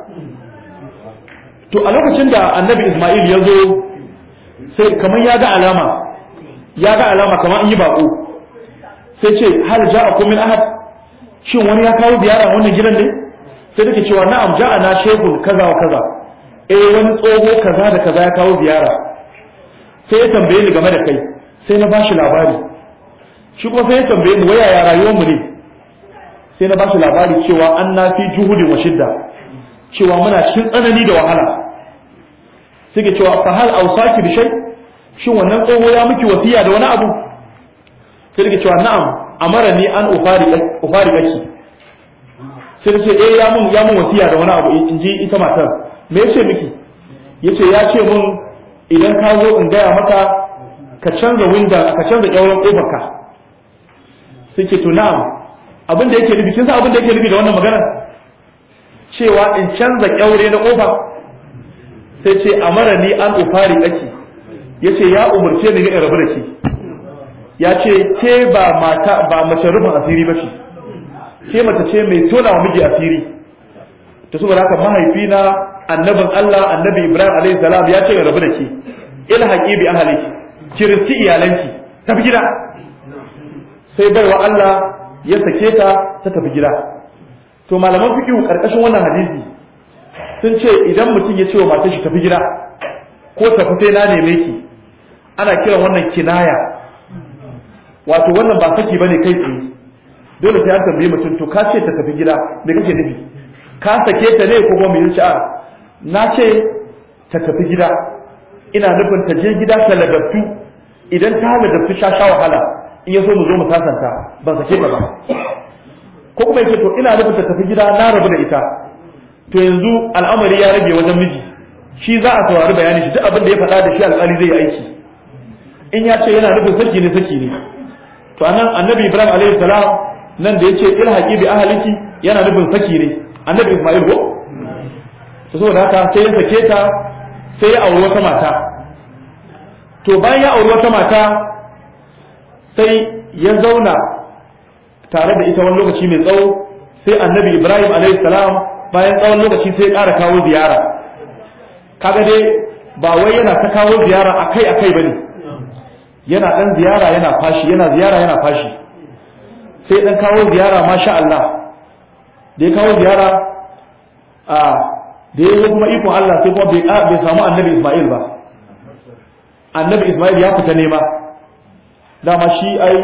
B: to a lokacin da annabi isma'il ya zo sai kamar ya ga alama ya ga alama kamar an yi bako sai ce hal ku min ahad shin wani ya kawo ziyara wannan gidan ne sai take cewa na'am na shehu kaza wa kaza eh wani tsoho kaza da kaza ya kawo ziyara sai ya tambaye ni game da kai sai na bashi labari shi kuma sai ya tambaye ni waya ya rayuwar mu ne sai na bashi labari cewa an na fi juhudin wa shidda cewa muna cikin tsanani da wahala suke cewa fa hal awsaki bi shay shin wannan tsoho ya miki wasiya da wani abu sai suke cewa na'am amara ni an ufari ufari laki sai suke eh ya mun ya mun wasiya da wani abu in ji ita matar me yace miki yace ya ce mun idan ka zo in gaya maka ka canza winda ka canza kyauran kofarka suke to na'am abin da yake nufi kin san abin da yake nufi da wannan magana cewa in canza kyaure na kofa sai ce a mara ni an ufari ya yace ya umarce ni ga rabu da ke ya ce ke ba mata ba mace rufin asiri ba ce ke mace ce mai tona wa miji asiri ta saboda mahaifi na annabin Allah annabi Ibrahim alaihi salam ya ce rabu da ke ilhaqi bi ahliki kirti iyalanki tafi gida sai baiwa Allah ya sake ta ta tafi gida to malaman fiqh karkashin wannan hadisi sun ce idan mutum ya ce wa matashi tafi gida ko tafi sai na neme ki ana kiran wannan kinaya wato wannan ba saki bane kai tsaye dole sai an tambaye mutum to ka ce ta tafi gida me kake nufi ka sake ta ne ko kuma yi a na ce ta tafi gida ina nufin ta je gida ta lagabtu idan ta lagabtu ta sha wahala in ya so mu zo mu sasanta ban sake ta ba ko kuma yake to ina nufin ta tafi gida na rabu da ita to yanzu al'amari ya rage wajen miji shi za a saurari bayani shi duk abin da ya faɗa da shi alƙali zai yi aiki in ya ce yana nufin saki ne saki ne to anan annabi ibrahim alayhi salam nan da yace ilhaqi bi ahliki yana nufin saki ne annabi isma'il ko to saboda haka sai ya sake ta sai ya auri wata mata to bayan ya auri wata mata sai ya zauna tare da ita wani lokaci mai tsawo sai annabi ibrahim alayhi salam bayan tsawon lokaci sai ya ƙara kawo ziyara kaga dai ba wai yana ta kawo ziyara akai akai bane yana dan ziyara yana fashi yana ziyara yana fashi sai dan kawo ziyara masha Allah da ya kawo ziyara a da ya kuma ikon Allah sai kuma bai samu annabi Ismail ba annabi Ismail ya fita nema dama shi ai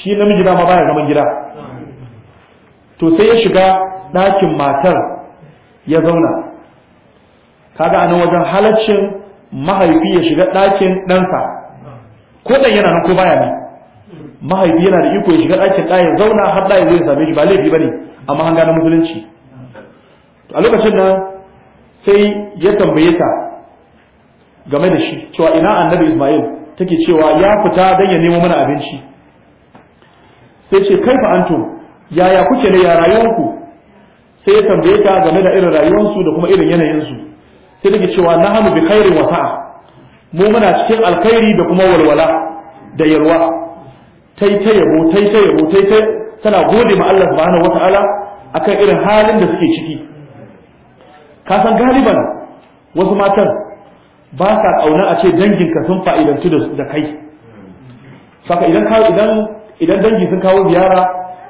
B: shi namiji dama baya zaman gida to sai ya shiga ɗakin matar ya zauna kaga a nan wajen halaccin mahaifi ya shiga ɗakin ɗansa ko ɗan yana nan ko baya ne. mahaifi yana da iko ya shiga ɗakin ɗaya ya zauna har ɗaya zai same shi ba laifi ba ne amma an gane musulunci a lokacin nan sai ya tambaye ta game da shi cewa ina annabi ismail take cewa ya fita don ya nemo mana abinci sai ce kai fa antum yaya kuke ne ya rayuwarku sai ya tambaye ta game da irin rayuwarsu da kuma irin yanayinsu sai nake cewa hannu bi khairin wa sa'a mu muna cikin alkhairi da kuma walwala da yalwa tai ta yabo ta yabo tai ta tana gode ma Allah subhanahu wataala akan irin halin da suke ciki ka san galiban wasu matan ba sa kauna a ce danginka sun fa'idantu da kai saka idan idan idan dangi sun kawo ziyara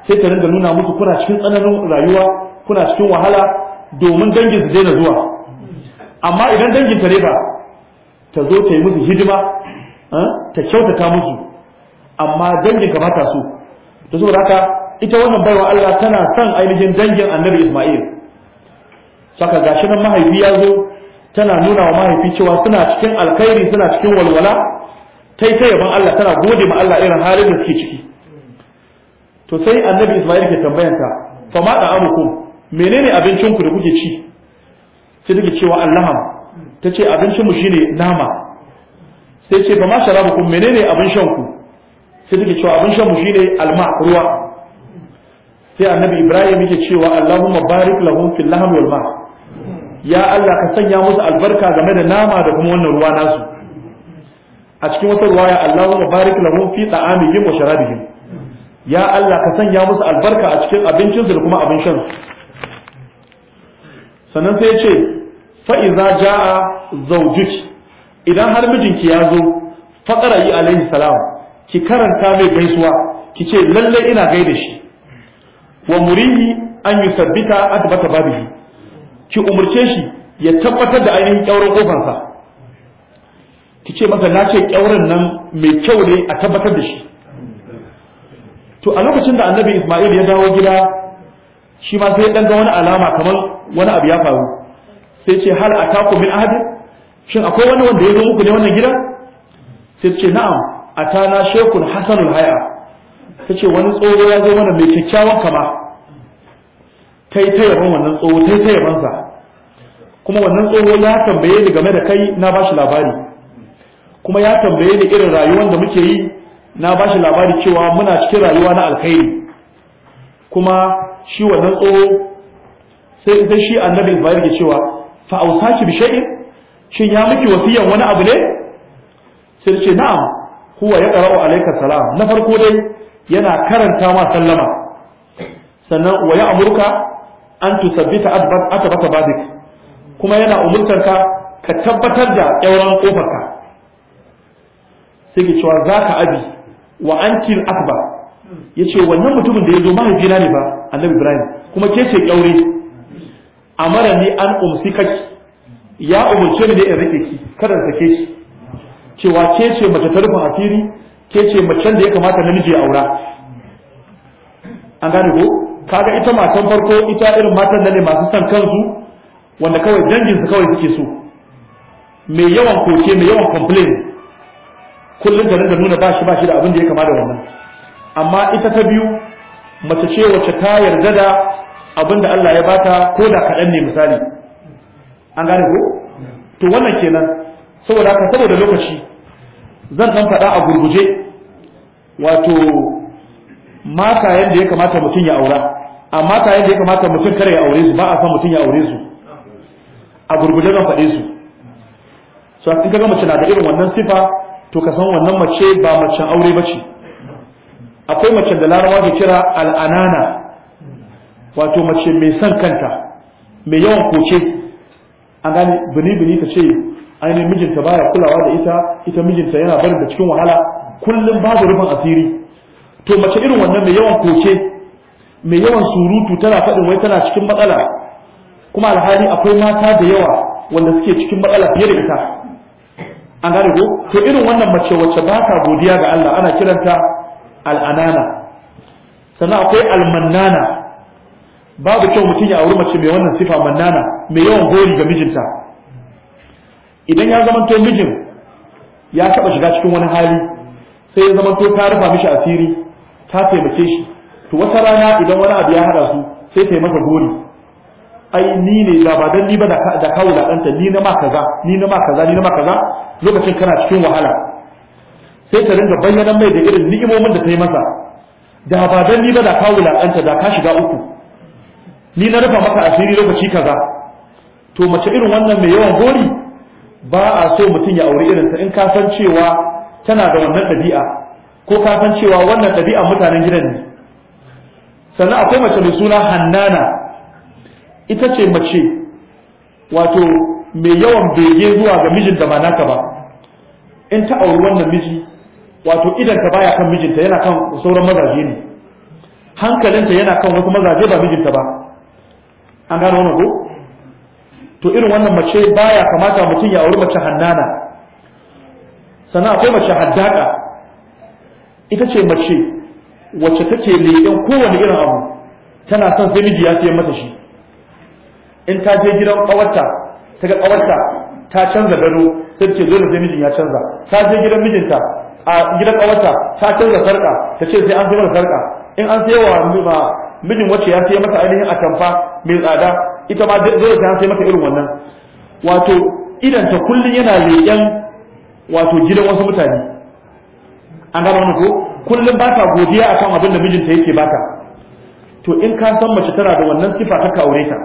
B: sai ta ringa nuna musu kuna cikin tsananin rayuwa kuna cikin wahala domin dangin su daina zuwa amma idan dangin ta ne ba ta zo ta yi musu hidima eh, ta kyautata musu amma dangin ka bata su ta saboda haka ita wannan baiwa Allah tana son ainihin dangin Annabi Isma'il saka gashi mahaifi ya zo tana nuna wa mahaifi cewa suna cikin alkhairi suna cikin walwala tai ta yaban Allah tana gode ma Allah irin halin da suke ciki to sai Annabi Isma'il ke tambayanta fa ma da amukum menene ku da kuke ci sai take cewa allaham ta ce abincinmu shine nama sai ce ba ma sharabu kun menene abin shanku sai take cewa abin shanmu shine alma ruwa sai annabi ibrahim yake cewa allahumma barik lahum fil lahm wal ma ya allah ka sanya musu albarka game da nama da kuma wannan ruwa nasu a cikin wata ruwaya allahumma barik lahum fi ta'amihim wa sharabihim ya allah ka sanya musu albarka a cikin abincinsu da kuma abin shansu sannan sai ya ce fa'iza ja'a zaujuki idan har mijinki ya zo faƙara yi alaihi salam ki karanta mai gaisuwa ki ce lallai ina gaida shi wa murihi an yi sabbita adbata babihi ki umarce shi ya tabbatar da ainihin kyauran ƙofarsa ki ce masa na ce kyauran nan mai kyau ne a tabbatar da shi to a lokacin da annabi isma'il ya dawo gida shi ma sai dan wani alama kamar wani abu ya faru sai ce hal ataku min ahadin shin akwai wani wanda ya zo muku ne wannan gida sai ce na'am atana shekun hasanul hay'a tace wani tsoro ya zo mana mai kyakkyawan kama kai ta yaban wannan tsoro ta yaban sa kuma wannan tsoro ya tambaye ni game da kai na bashi labari kuma ya tambaye ni irin rayuwar da muke yi na bashi labari cewa muna cikin rayuwa na alkhairi kuma shi wannan tsoro sai sai shi annabi Ismail ya cewa fa ausaki bi shay'in shin ya miki wasiyan wani abu ne sai ce na'am huwa ya qara'u alayka salam na farko dai yana karanta ma sallama sannan wa ya amurka an tusabbita atabata badik kuma yana umurtar ka ka tabbatar da yauran kofarka sai ke cewa zaka abi wa antil akbar yace wannan mutumin da ya zo mahaifina ne ba annabi ibrahim kuma ke ce kyaure amara ni an umsi kaki ya umurce ni da in rike ki kada sake shi cewa ke ce mace ta rufe asiri ke ce mace da ya kamata namiji ya aura an gane ko kaga ita matan farko ita irin matan da ne masu san kansu wanda kawai dangin su kawai suke so mai yawan koke mai yawan complain kullum da nuna bashi bashi da abin da ya kamata wannan amma ita ta biyu mace ce wacce ta yarda da abinda Allah ya bata ko da kaɗan ne misali an gane ko to wannan kenan saboda haka saboda lokaci zan dan faɗa a gurguje wato mata yadda ya kamata mutum ya aura amma ta yadda ya kamata mutum kare ya aure su ba a san mutum ya aure su a gurguje zan faɗe su so in ka ga mace na da irin wannan sifa to ka san wannan mace ba macen aure ba ce akwai mace da larawa ke kira al'anana wato mace mai son kanta mai yawan koce an gane bini-bini ta ce ainihin mijinta baya kulawa da ita ita mijinta yana barin da cikin wahala kullum babu rufin asiri to mace irin wannan mai yawan koce mai yawan surutu tana faɗin wai tana cikin matsala kuma alhali akwai mata da yawa wanda suke cikin matsala fiye da ita an gane ko to irin wannan mace wacce ba ta godiya ga Allah ana kiranta al'anana sannan akwai almannana babu kyau mutum ya auri mace mai wannan sifa mannana mai yawan gori ga mijinta idan ya zamanto mijin ya taba shiga cikin wani hali sai ya zamanto ta rufa mishi asiri ta taimake shi to wata rana idan wani abu ya hada su sai ta yi masa gori ai ni ne da ba dan ni ba da kawo da ni na ma kaza ni na ma kaza ni na ma kaza lokacin kana cikin wahala sai ka rinka bayyana mai da irin ni'imomin da ta yi masa da ba dan ni ba da ka wulakanta da ka shiga uku ni na rufa maka asiri lokaci kaza to mace irin wannan mai yawan gori ba a so mutum ya aure irinta in ka san cewa tana da wannan ɗabi'a ko ka san cewa wannan ɗabi'a mutanen gidan ne sannan akwai mace mai suna hannana ita ce mace wato mai yawan bege zuwa ga mijin da ba naka ba in ta auri wannan miji wato idan ta baya kan mijinta yana kan sauran mazaje ne hankalinta yana kan wasu mazaje ba mijinta ba an gano wannan ko to irin wannan mace baya kamata mutum ya auri mace hannana sannan akwai mace haddaka ita ce mace wacce take leƙen kowane irin abu tana son sai miji ya sayi mata shi in ta je gidan ƙawarta ta ga ƙawarta ta canza gado sai ce dole sai mijin ya canza ta je gidan mijinta a gidan kawarta ta canza sarka ta ce sai an sayar sarka in an sayo wa mijin wacce ya sayar mata ainihin atamfa mai tsada ita ma zai ta sayar mata irin wannan wato idan ta kullun yana leƙen wato gidan wasu mutane an gano wani ko kullun ba ta godiya akan abin da mijinta yake ta. to in ka san mace tana da wannan sifa ta kaure ta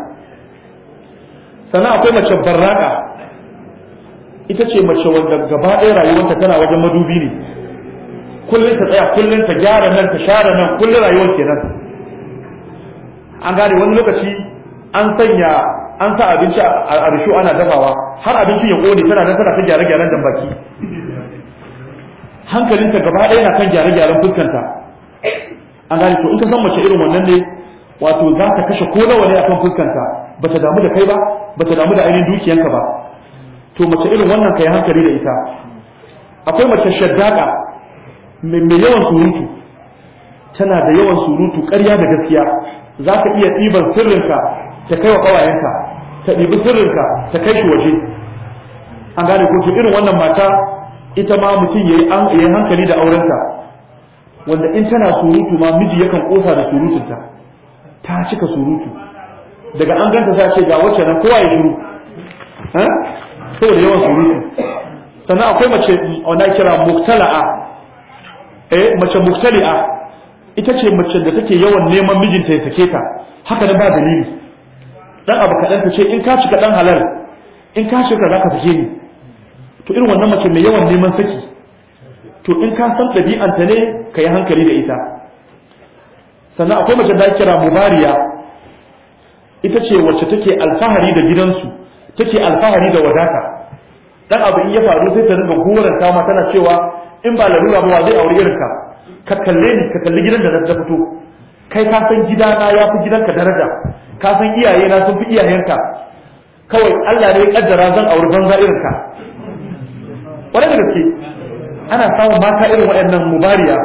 B: sannan akwai mace barraka ita ce mace wanda gaba ɗaya rayuwarta tana wajen madubi ne kullum ta tsaya kullum ta gyara nan ta share nan kullum rayuwar kenan an gane wani lokaci an sanya an sa abinci a risho ana dafawa har abincin ya kone tana nan tana ta gyare gyaren dan baki hankalinta gaba ɗaya na kan gyare gyaren fuskanta an gane to in ka san mace irin wannan ne wato za ta kashe ko nawa ne akan fuskanta bata damu da kai ba bata damu da ainihin dukiyanka ba to mace irin wannan kai hankali da ita akwai mace shaddaka mai yawan surutu tana da yawan surutu ƙarya da gaskiya za ka iya ɗiban sirrinka ta kai wa ƙawayenka ta ɗibi sirrinka ta kai shi waje an gane ko to irin wannan mata ita ma mutum ya yi hankali da aurenta wanda in tana surutu ma miji yakan ƙosa da surutunta ta cika surutu daga an ganta za ce ga wacce nan kowa ya shiru hm? saboda yawan surutu
C: sannan akwai mace wanda kira
B: muktala'a eh mace muktali'a ita ce mace da take yawan neman mijinta ya sake ta haka ne ba dalili dan abu kaɗan ta ce in ka cika dan halal in ka cika zaka sake ni to irin wannan mace mai yawan neman saki to in ka san ɗabi'anta ne ka yi hankali da ita sannan akwai mace da kira mubariya ita ce wacce take alfahari da gidansu take alfahari da wadata dan abu in ya faru sai ta rinka ta ma tana cewa in ba larura ba zai aure irin ka Ka kalle ni ka kalli gidan da na fito kai ka san na ya fi ka daraja ka san iyaye na sun fi iyayenka kawai Allah ne ya kaddara zan auri banza irinka wani da gaske ana samun mata irin waɗannan mubariya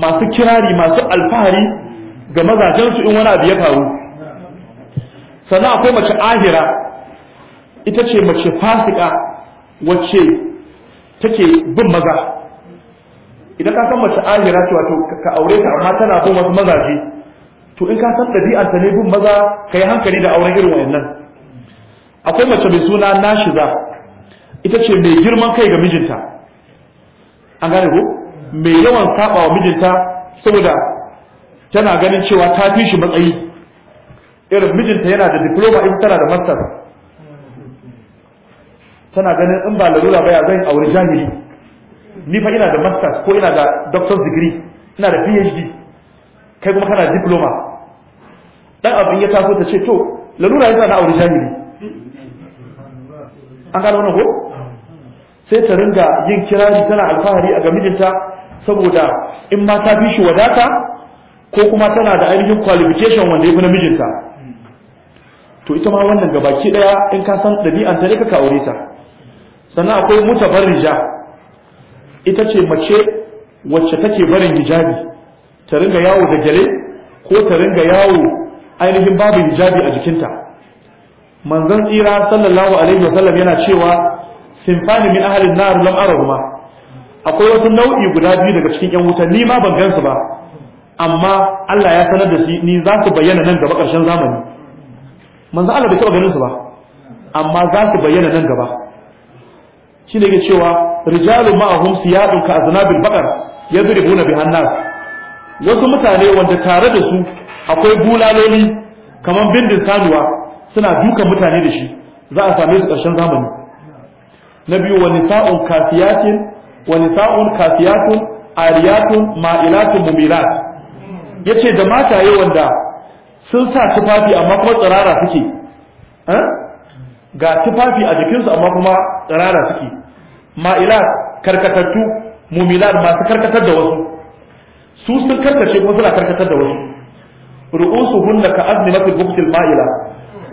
B: masu kirari masu alfahari ga mazajensu in wani abu ya faru sannan akwai mace ahira ita ce mace fasika wacce take bin maza idan ka san mace ahira ce wato ka aure ta amma tana bin wasu mazaje to in ka san ɗabi'arta ne bin maza ka yi hankali da auren irin wayannan akwai mace mai suna nashiza ita ce mai girman kai ga mijinta an gane ko mai yawan saba wa mijinta saboda tana ganin cewa ta fi shi matsayi irin mijinta yana da diploma in tana da master tana ganin in ba larura ba ya zan auri jahili ni fa ina da master ko ina da doctor's degree ina da phd kai kuma kana diploma dan abin ya taso ta ce to larura yana da auri jahili an gano wannan ko sai ta ringa yin kirari tana alfahari a ga mijinta saboda in ma ta fi wadata ko kuma tana da ainihin qualification wanda ya fi na mijinta to ita ma wannan ga baki daya in ka san dabi'an ta ne ka aure ta sannan akwai mutabarrija ita ce mace wacce take barin hijabi ta ringa yawo da gare ko ta ringa yawo ainihin babu hijabi a jikinta manzon tsira sallallahu alaihi wasallam yana cewa sinfani min ahlin nar lam arahuma akwai wasu nau'i guda biyu daga cikin yan wuta ni ma ban gansu ba amma Allah ya sanar da shi ni za su bayyana nan gaba ƙarshen zamani manzo Allah bai taɓa ganin su ba amma za su bayyana nan gaba shine ke cewa rijalun ma'ahum siyadun ka aznabil baqar yadribuna bi hannas wasu mutane wanda tare da su akwai bulaloli kamar bindin sanuwa suna dukan mutane da shi za a same su ƙarshen zamani na biyu wa nisa'un kafiyatin wa nisa'un kafiyatun ariyatun ma'ilatun mumilat yace da mataye wanda sun sa tufafi amma kuma tsirara suke ga tufafi a jikinsu amma kuma tsirara suke ma'ila karkatattu mumilar masu karkatar da wasu su sun karkace kuma suna karkatar da wasu ru'usu hunna ka mafi buktil ma'ila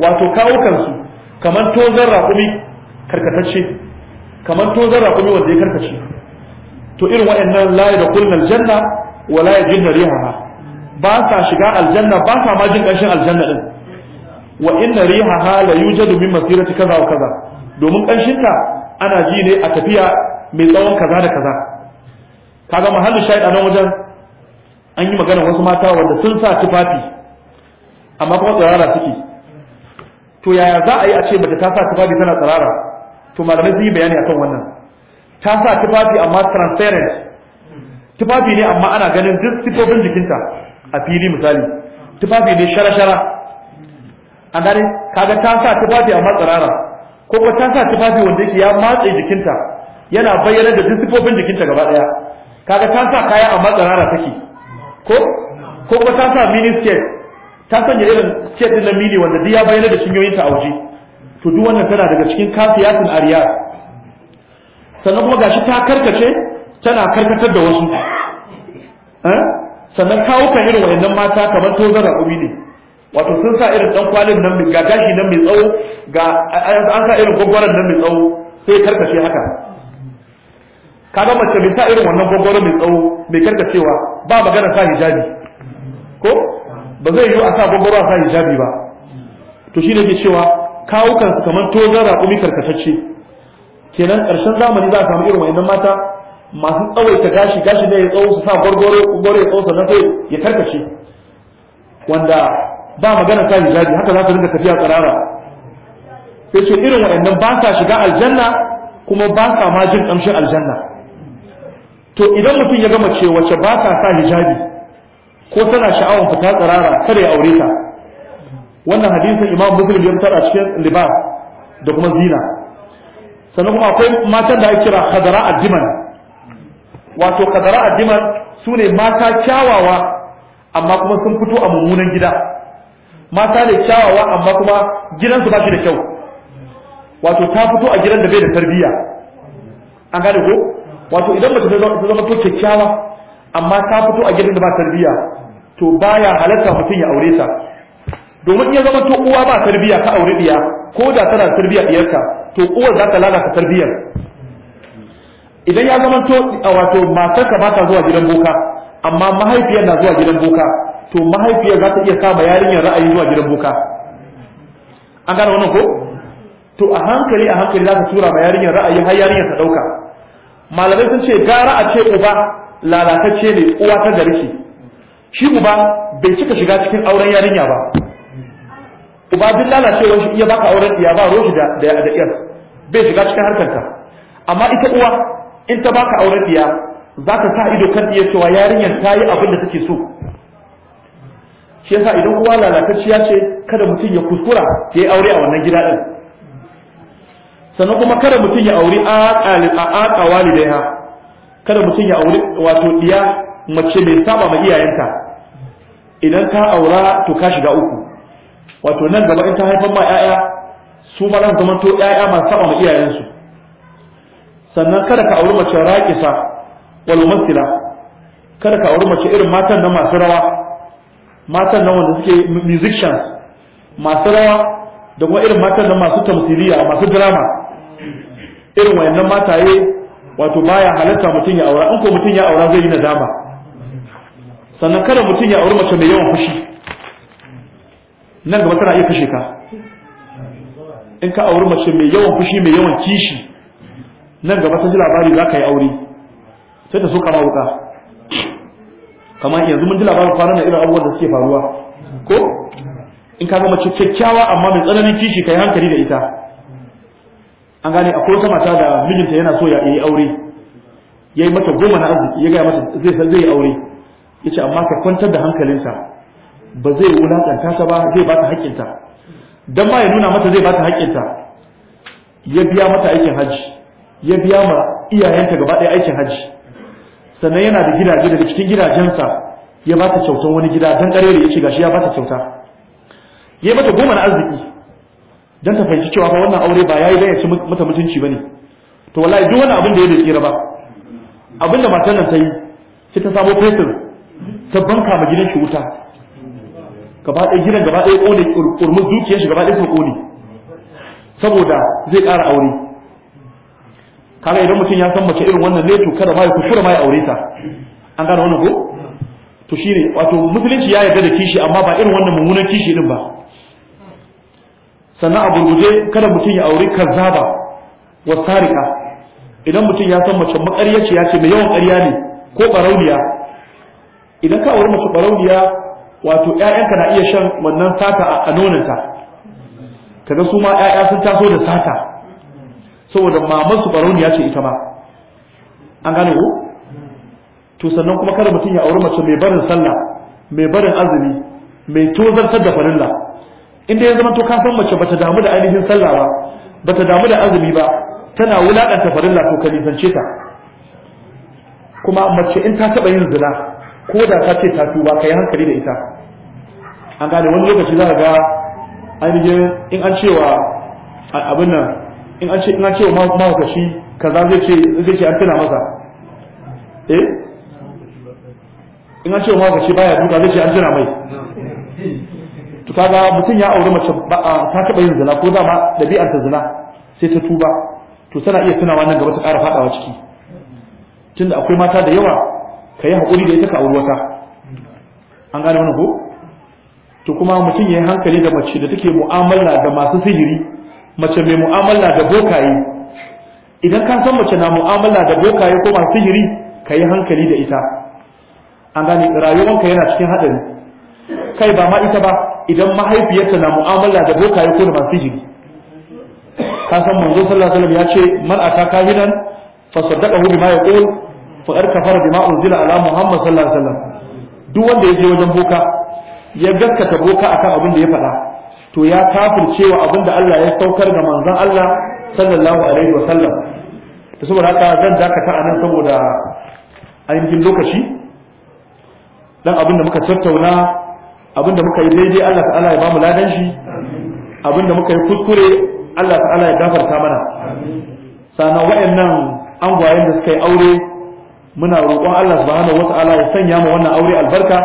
B: wato kawo kansu kamar tozon raƙumi karkatacce kamar tozon raƙumi wanda ya karkace to irin wa'annan la yadkhulun aljanna wa la yajidna rihaha ba sa shiga aljanna ba sa ma jin ƙarshen aljanna din wa inna ha la yujadu min masirati kaza wa kaza domin ƙarshen ta ana ji ne a tafiya mai tsawon kaza da kaza kaga mahallin shayi a nan wajen an yi magana wasu mata wanda sun sa tufafi amma kuma tsirara suke to yaya za a yi a ce bata ta sa tufafi tana tsirara to malamai sun yi bayani akan wannan ta sa tufafi amma transparent tufafi ne amma ana ganin duk sifofin jikinta a fili misali tufafi ne shara-shara an gane kaga ta sa tufafi amma tsirara ko ko ta sa tufafi wanda yake ya matse jikinta yana bayyana da duk jikinta gaba daya kaga ta sa kaya amma tsirara take ko ko ko ta sa mini skirt ta sanya irin skirt din na mini wanda duk ya bayyana da shinyoyinta a waje to duk wannan tana daga cikin kafiyatin ariya sannan kuma gashi ta karkace tana karkatar da wasu eh sannan kawo kan irin wayannan mata kamar tozara umi ne wato sun sa irin dan kwalin nan ga gashi nan mai tsawo ga an sa irin gwaggwaran nan mai tsawo sai karkashe haka kaga mace mai sa irin wannan gwaggwaran mai tsawo mai karkashewa ba magana sa hijabi ko ba zai yi a sa gwaggwaro a sa hijabi ba to shine ke cewa kawukan su kamar tozara umi karkashacce kenan ƙarshen zamani za a samu irin wayannan mata masu tsawaita gashi gashi ne ya tsawo su sa gwargwaro gwargwaro ya tsawo sannan sai ya karkace wanda ba magana sa hijabi haka za ka dinga tafiya tsirara sai ce irin waɗannan ba sa shiga aljanna kuma ba sa ma jin ƙamshin aljanna to idan mutum ya gama ce wacce ba ka sa hijabi ko tana sha'awar fita tsirara kada ya aure ta wannan hadisin imam muslim ya fitar a cikin libas da kuma zina sannan kuma akwai matan da ake kira khadara addiman wato kadara addimar su ne mata kyawawa amma kuma sun fito a mummunan gida mata ne kyawawa amma kuma gidansu ba shi da kyau wato ta fito a gidan da bai da tarbiyya an gane ko wato idan mace ta zama to kyakkyawa amma ta fito a gidan da ba tarbiyya to baya halatta mutum ya aure ta domin ya zama to uwa ba tarbiyya ka aure diya ko da tana tarbiyya diyarka to uwar za ta lalata tarbiyyar idan ya zama to wato matarka ba ta zuwa gidan boka amma mahaifiyar na zuwa gidan boka to mahaifiyar za ta iya sa yarinyar ra'ayi zuwa gidan boka an gane wannan ko to a hankali a hankali za ta tura ma yarinyar ra'ayi har yarinyar ta dauka malamai sun ce gara a ce uba lalatacce ne uwa ta garki shi uba bai cika shiga cikin auren yarinya ba uba duk lalacewar shi iya baka auren iya ba roshi da da iyar bai shiga cikin harkarta amma ita uwa in ta baka aure biya, za ka sa ido kan iya cewa yarinyar ta yi abin da take so shi yasa idan uwa lalatacciya ce kada mutum ya kuskura ya yi aure a wannan gida din sannan kuma kada mutum ya aure a aka ha kada mutum ya aure wato diya mace mai saba ma iyayenta idan ka aura to ka shiga uku wato nan gaba in ta haifar ma 'ya'ya su ma zan zamanto 'ya'ya masu saba ma iyayensu sannan kada ka auri mace raƙisa wal masila kada ka auri mace irin matan na masu rawa matan na wanda suke musicians masu rawa da kuma irin matan na masu tamsiliya masu drama irin wayannan mataye wato baya halatta mutum ya aura in ko mutum ya aura zai yi nadama sannan kada mutum ya auri mace mai yawan fushi nan gaba tana iya kashe ka in ka auri mace mai yawan fushi mai yawan kishi nan gaba ta ji labari za ka yi aure sai ta so kama kamar yanzu mun ji labarin kwana na irin abubuwan da suke faruwa ko in ka zama kyakkyawa amma mai tsananin kishi ka yi hankali da ita an gane akwai wata mata da mijinta yana so ya yi aure ya yi mata goma na arziki ya gaya mata zai yi aure ya ce amma ka kwantar da hankalinsa ba zai wulaƙanta ta ba zai ba ta haƙƙinta don ma ya nuna mata zai bata ta haƙƙinta ya biya mata aikin hajji ya biya ma iyayenta gaba ɗaya aikin hajji sannan yana da gidaje daga cikin gidajensa ya ba ta kyautar wani gida don ƙare da yake gashi ya ba ta kyauta ya yi mata goma na arziki don ta fahimci cewa fa wannan aure ba ya yi ya ci mata mutunci ba ne to wallahi duk wani abin da ya bai tsira ba abin da matan nan ta yi sai ta samo fetur ta banka ma gidan shi wuta gaba ɗaya gidan gaba ɗaya ƙone ƙurmus dukiyar shi gaba ɗaya ƙone saboda zai ƙara aure kaga idan mutum ya san mace irin wannan ne to kada ma ya kusura ma ya aure ta an gane wannan ko to shine wato musulunci ya yarda da kishi amma ba irin wannan mummunan kishi din ba sannan a guje kada mutum ya aure kazzaba wa sarika idan mutum ya san mace makaryaciya ce mai yawan ƙarya ne ko barauniya idan ka aure mace barauniya wato ƴaƴanka na iya shan wannan sata a nonanta kaga su ma ƴaƴa sun taso da sata saboda maman su baroni ya ce ita ma an gane ko to sannan kuma kada mutum ya auri mace mai barin sallah mai barin azumi mai tozartar da farilla inda ya zama to ka san mace bata damu da ainihin sallah ba bata damu da azumi ba tana wulaɗanta farilla to ka ta kuma mace in ta taba yin zina ko da ta ce ta tuba ka yi hankali da ita an gane wani lokaci za ka ga ainihin in an cewa abin nan in an ce in an ce ma ma shi kaza zai ce zai ce an tana masa eh in an ce ma ka shi baya duka zai ce an tana mai to kaga mutum ya aure mace ba ta taba yin zina ko dama dabi'ar ta zina sai ta tuba to tana iya tunawa nan gaba ta ƙara fadawa ciki tunda akwai mata da yawa ka yi haƙuri da ita ka aure wata an gane wani ko to kuma mutum ya yi hankali da mace da take mu'amala da masu sihiri mace mai mu'amala da bokaye idan ka san mace na mu'amala da bokaye ko masu sihiri ka yi hankali da ita an gane rayuwanka yana cikin haɗari kai ba ma ita ba idan mahaifiyarta na mu'amala da bokaye ko da masu sihiri ka san manzo sallallahu alaihi wasallam ya ce man ata kahinan fa saddaqahu bima yaqul fa ar kafara bima unzila ala muhammad sallallahu alaihi wasallam duk wanda ya je wajen boka ya gaskata boka akan abin da ya faɗa to ya kafircewa abin da Allah ya saukar ga manzon Allah sallallahu alaihi wa sallam to saboda haka zan dakata a nan saboda ainihin lokaci dan abin da muka tattauna abin da muka yi daidai Allah ta'ala ya bamu ladan shi abin da muka yi kuskure Allah ta'ala ya gafarta mana sana wayannan angwayen da suka yi aure muna roƙon Allah subhanahu wata'ala ya sanya mu wannan aure albarka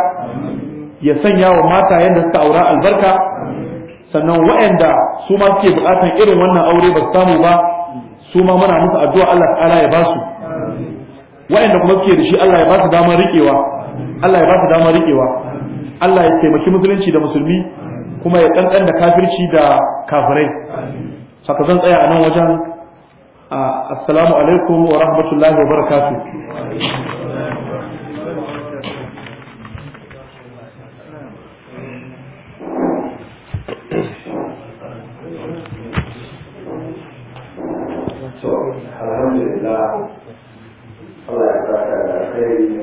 B: ya sanya wa mata yadda suka aura albarka sannan waɗanda su ma suke buƙatar irin wannan aure ba su samu ba su ma muna musu addu'a Allah ta'ala ya ba su waɗanda kuma suke da shi Allah ya ba su damar riƙewa Allah ya ba su damar riƙewa Allah ya taimaki musulunci da musulmi kuma ya ƙanƙan da kafirci da kafirai saka zan tsaya a nan wajen assalamu alaikum wa rahmatullahi wa barakatuh
A: الله الله يبارك على خير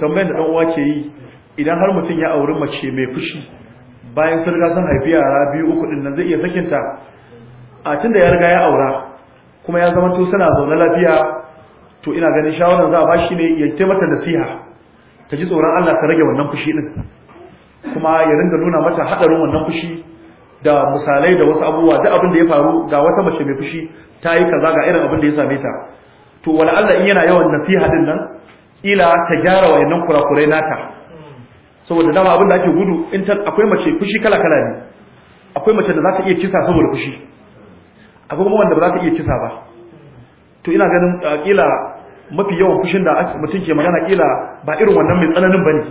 B: tambayar da uwa ke yi idan har mutum ya auri mace mai fushi bayan sun riga sun haifi yara biyu uku din nan zai iya sakinta a tun da ya riga ya aura kuma ya zama to suna zaune lafiya to ina ganin shawarar za a ba shi ne ya mata nasiha ta ji tsoron Allah ta rage wannan fushi din kuma ya ringa nuna mata haɗarin wannan fushi da misalai da wasu abubuwa duk abin da ya faru ga wata mace mai fushi ta yi kaza ga irin abin da ya same ta to wala Allah in yana yawan nasiha din nan ila ta gyara wayannan kurakurai nata saboda dama abin da ake gudu in ta akwai mace fushi kala kala ne akwai mace da za ta iya kisa saboda fushi akwai kuma wanda ba za ta iya kisa ba to ina ganin ah, kila mafi yawan fushin da mutum ke magana kila ba irin wannan mai tsananin bane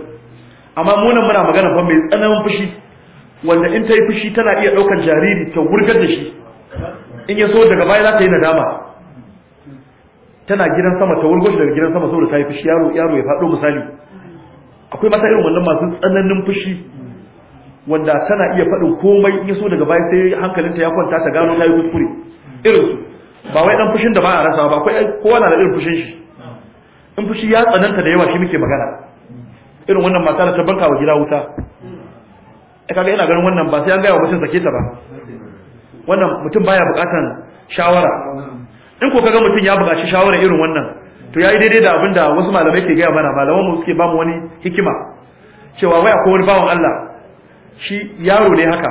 B: amma mu nan muna magana fa mai tsananin fushi wanda in ta yi fushi tana iya ɗaukar jariri ta gurgar da shi in ya so daga baya za ta yi nadama tana gidan sama ta wurgo daga gidan sama saboda ta yi fushi yaro yaro ya faɗo misali akwai mata irin wannan masu tsananin fushi wanda tana iya faɗin komai in so daga baya sai hankalinta ya kwanta ta gano ta yi kuskure irin su ba wai dan fushin da ba a rasa ba akwai kowa na da irin fushin shi in fushi ya tsananta da yawa shi muke magana irin wannan mata ta banka wa gida wuta ai kaga ina ganin wannan ba sai an gaya wa mutum sake ta ba wannan mutum baya bukatan shawara in ko kaga mutum ya buƙaci shawara irin wannan to yayi daidai da abinda wasu malamai ke gaya mana malaman mu suke mu wani hikima cewa wai akwai wani bawan Allah shi yaro ne haka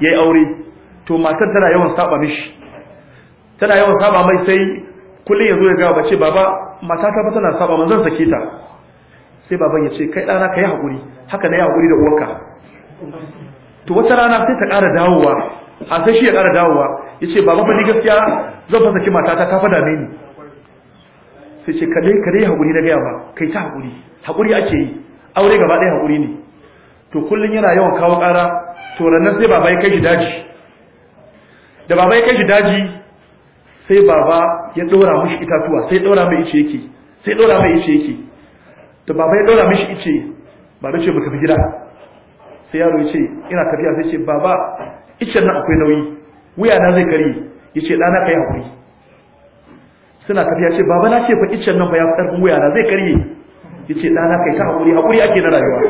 B: yayi aure to matar tana yawan saba mishi tana yawan saba mai sai kullum yazo ya ga bace baba matata ba tana saba man zan sake ta sai baban ya ce kai dana kai hakuri haka na yi hakuri da uwarka to wata rana sai ta ƙara dawowa a sai shi ya ƙara dawowa ya ce baba fa ni gaskiya zan fasa saki matata ta fada ni sai ce ka dai haƙuri hakuri na gaya ba kai ta hakuri hakuri ake yi aure gaba ɗaya hakuri ne to kullun yana yawan kawo ƙara to ranar sai baba ya kai shi daji da baba ya kai shi daji sai baba ya ɗora mishi itatuwa sai ɗora mai ice yake sai ɗora mai ice yake to baba ya ɗora mishi ice ba ce baka fi gida sai yaro ya ce ina tafiya sai ce baba icen nan akwai nauyi wuya na zai kare yace dana kai hakuri suna tafiya ce baba na ce fa iccen nan fa ya fi karfin wuya na zai karye yace dana kai ta hakuri hakuri ake na rayuwa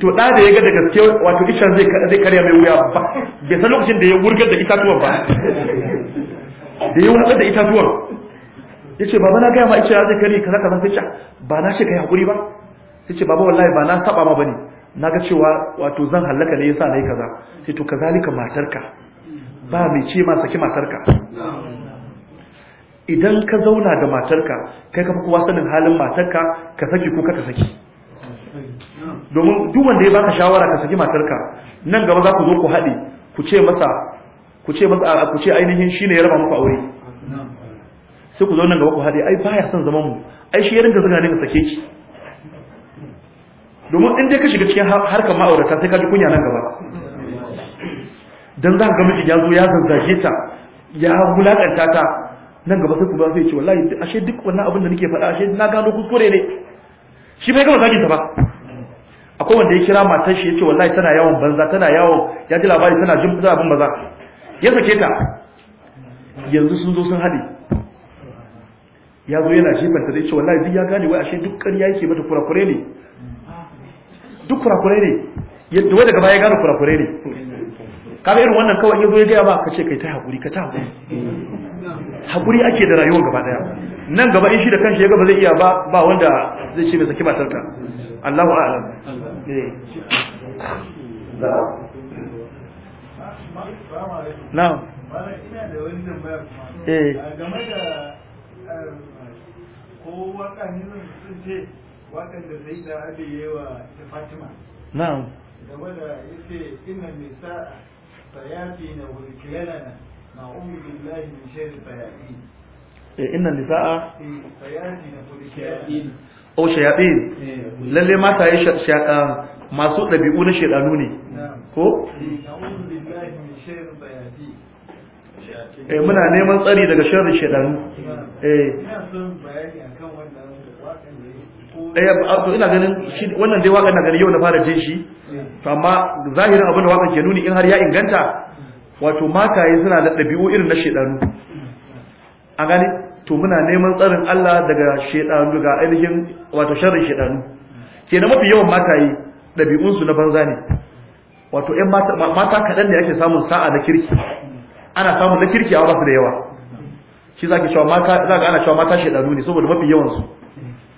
B: to da da ya ga da gaske wato iccen zai zai karya mai wuya ba bai san lokacin da ya wurgar da itatuwan ba da ya wurgar da itatuwan yace baba na ga ma iccen zai karye kaza kaza sai ba na ce kai hakuri ba sai ce baba wallahi ba na saba ma bane ga cewa wato zan hallaka ne yasa nayi kaza sai to kazalika matarka ba mai ce ma saki matarka idan ka zauna da matarka kai ka fi sanin halin matarka ka saki ko ka saki domin duk wanda ya baka shawara ka saki matarka nan gaba za ku zo ku haɗe ku ce masa ku ce masa ku ce ainihin shine ya raba muku aure sai ku zo nan gaba ku haɗe ai baya son zaman mu ai shi ya rinka zuga ne ka sake ki domin in dai ka shiga cikin harkar ma'aurata sai ka ji kunya nan gaba dan za ka ga mijin ya zo ya zazzage ta ya bulakanta ta nan gaba sai ku ba sai ce wallahi ashe duk wannan abin da nake faɗa ashe na gano kuskure ne shi bai gama zagin ta ba akwai wanda ya kira matar shi yace wallahi tana yawon banza tana yawon ya ji labari tana jin za abin banza ya sake ta yanzu sun zo sun hade ya zo yana shifar ta zai ce wallahi duk ya gane wai ashe duk ƙarya yake mata kurakure ne duk kurakure ne yadda wai daga baya ya gane kurakure ne kaga irin wannan kawai yazo ya gaya ba ka ce kai ta hakuri ka ta hakuri hakuri ake da rayuwar gaba daya nan gaba in shi da kanshi ya gaba zai iya ba ba wanda zai ce mai saki matarka Allahu a'lam
C: eh.
A: na'am eh game da ko waka sun ce wakan da zai da abiyewa ta Fatima na'am game da yace inna فياتينا وذكرنا نعوذ بالله من شر فياتين
B: إن النساء
A: فياتينا وذكرنا
B: أو شياطين للي ما تاي شياطين ما سوء لبيقوا لشيطانو ني ko
A: eh muna neman tsari daga sharrin shedanu eh ina son ɗaya
B: eh, to ina ganin wannan dai wakan na ganin yau na fara jin shi hmm. to amma zahirin abin da wakan ke nuni in har ya inganta wato mataye suna da ɗabi'u irin na shedanu a gani to muna neman tsarin Allah daga shedanu daga ainihin wato sharrin shedanu na mafi yawan mataye ɗabi'un su na banza ne wato ƴan mata mata kaɗan ne ake samun sa'a na kirki ana samun na kirki a wasu da yawa shi zaki cewa mata za ana cewa mata shedanu ne saboda mafi yawan su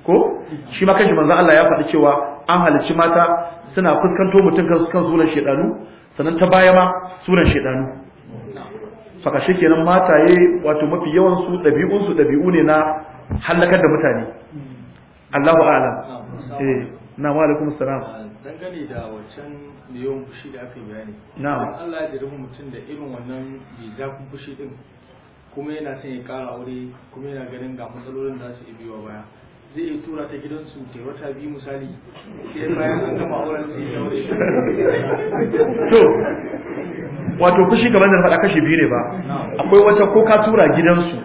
B: ko shi ma kanshi manzon Allah ya faɗi cewa an halicci mata suna fuskanto mutum kan kan sunan shedanu sannan ta baya ma sunan shedanu saka shikenan mataye wato mafi yawan su dabi'un su dabi'u ne na halakar da mutane Allahu a'lam eh na wa alaikum salam
A: dangane da wancan yawan fushi da aka yi bayani na'am Allah ya jira mutum da irin wannan zafin fushi din kuma yana son
B: ya kara aure kuma yana ganin ga matsalolin da su ibiwa baya zai iya tura ta gidansu ke
C: wata biyu misali sai bayan an gama auren su ya wuce. wato fushi kamar da faɗa kashe biyu ne ba akwai wata ko ka tura
B: gidansu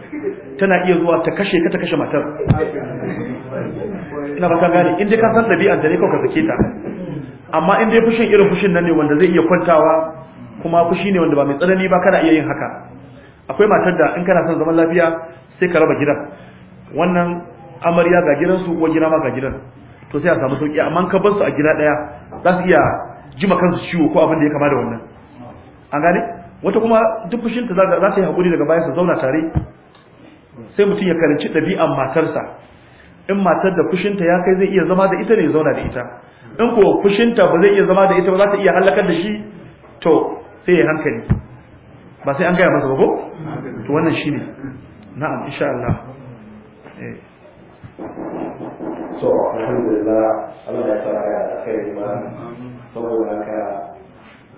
B: tana iya zuwa ta kashe ka ta kashe matar ina ba ka gane in dai ka san ɗabi'ar da ne kawai ka zake ta amma in dai fushin irin fushin nan ne wanda zai iya kwantawa kuma fushi ne wanda ba mai tsanani ba kana iya yin haka akwai matar da in kana son zaman lafiya sai ka raba gidan wannan amarya ga gidansu uwar gida ma ga gidan to sai a samu sauki amma ka bar su a gida daya za su iya jima kansu ciwo ko abin da ya kama da wannan an gane wata kuma duk fushinta za ta yi hakuri daga baya su zauna tare sai mutum ya karanci ɗabi'an matarsa in matar da fushinta ya kai zai iya zama da ita ne zauna da ita in ko fushinta ba zai iya zama da ita ba za ta iya halakar da shi to sai ya hankali ba sai an gaya masa ba ko to wannan shine na'am insha Allah
C: eh
A: so alhamdulillah Allah ya tsara ya da kai ma saboda haka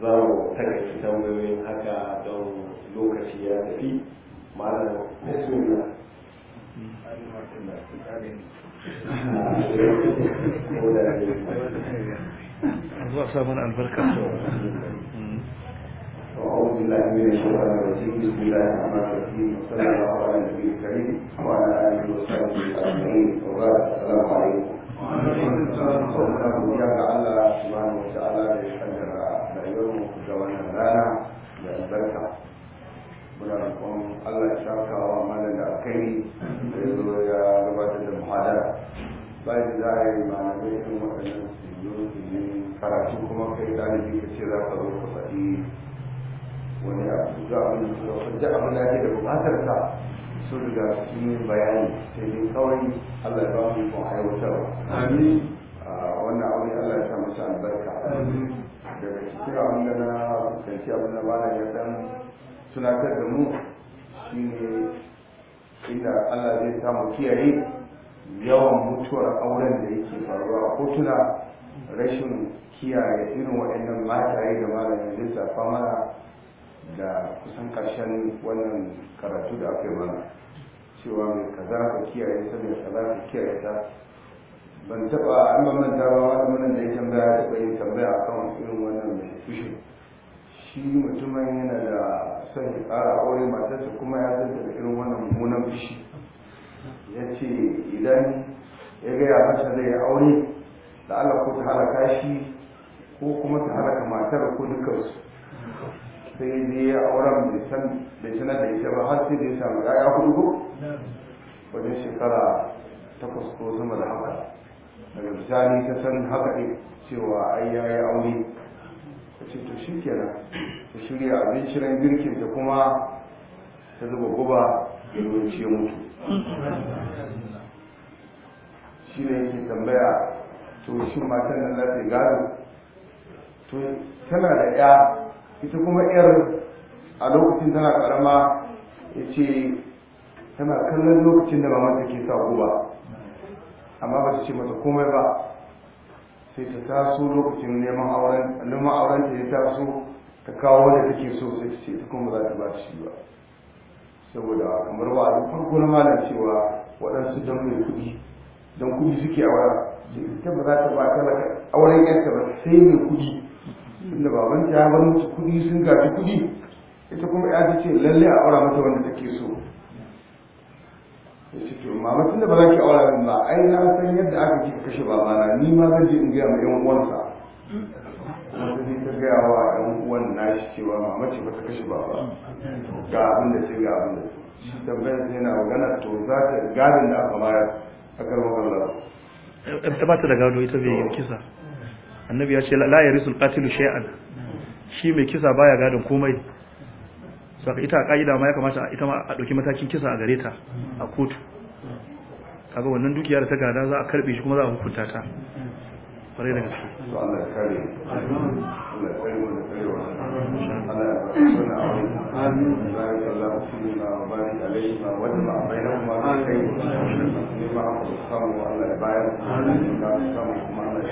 A: za mu takaice tambayoyin haka don lokaci ya tafi malam bismillah Allah samun albarka وأعوذ بالله من الشيطان الرجيم بسم الله الرحمن الرحيم وصلى الله على النبي الكريم وعلى آله وصحبه أجمعين وبارك السلام عليكم وعليكم السلام ورحمة الله تعالى سبحانه وتعالى يقدر اليوم وجوانا لنا بالبركة muna roƙon Allah ya saka wa malam da alkhairi da ya zo ya gabatar da muhadara bayan za a yi malamai irin waɗannan su yi karatu kuma kai ɗalibi ka ce za ka zo ka faɗi wani abu za a wani zuwa kwanci abin da ake da bukatar ta su riga sun yi bayani sai dai kawai allah ya ba mu ikon aiwatarwa wannan aure allah ya sa masa albarka daga cikin abin da na fuskanci abin da na ya dan tunatar da mu shine inda allah zai mu kiyaye yawan mutuwar auren da yake faruwa a kotuna rashin kiyaye irin waɗannan mataye da malamin lissafa mana da kusan karshen wannan karatu da aka yi mana cewa mai kaza ka kiyaye ta mai kaza ka kiyaye ta ban taba an manta ba wani da ya tambaya da bai tambaya a kan irin wannan mai fushi shi mutumin yana da son ya ƙara aure matarsa kuma ya zanta da irin wannan munan fushi ya ce idan ya gaya masa zai aure da Allah ko ta halaka shi ko kuma ta halaka matar ko dukansu sai ya je auren bai san bai sanar da ita ba har sai da ya samu ɗaya hudu ko wajen shekara takwas ko sama da haka daga bisani ta san haka ne cewa ai ya yi aure ta ce to shi kenan ta shirya abin shirin girkin ta kuma ta zuba guba da ruwanci ya mutu shi ne yake tambaya to shi matan nan za ta gado to tana da ya ita kuma yar a lokacin tana karama ya ce tana kallon lokacin da mamanta ke sa ba amma ba ta ce mata komai ba sai ta taso lokacin neman auren neman auren ta ya taso ta kawo wanda ke so sai ta ce ita kuma za ta ba shi ba saboda kamar ba a farko na malam cewa waɗansu don mai kuɗi don kuɗi suke aura ita ba za ta ba ta auren yanka ba sai mai kuɗi tunda baban ta ya bar mace kuɗi sun gaji kuɗi ita kuma ya ce lalle a aura mata wanda take so ya ce to mama tunda ba za ki aura ba ai na san yadda aka kika kashe babana ni ma zan je in gaya ma yan uwansa wata ne ta gaya wa yan uwan nashi cewa mama ce ba ta kashe baba ga abin da ce ga abin da ce shi tambayar sai na magana to za ta gadin da aka bayar a karbar Allah.
B: Ta ba ta da gado ita bai yin kisa. annabi ya ce la risul qatilu shay'an shi mai kisa baya gadon komai saka ita kaida ma ya kamata ita ma a dauki matakin kisa a gare ta a kotu kaga wannan dukiya da ta gada za a karbe shi kuma za a hukunta ta
A: kwarai da gaske Allah ya kare Allah ya kare Allah ya kare amin Allah kare Allah ya kare amin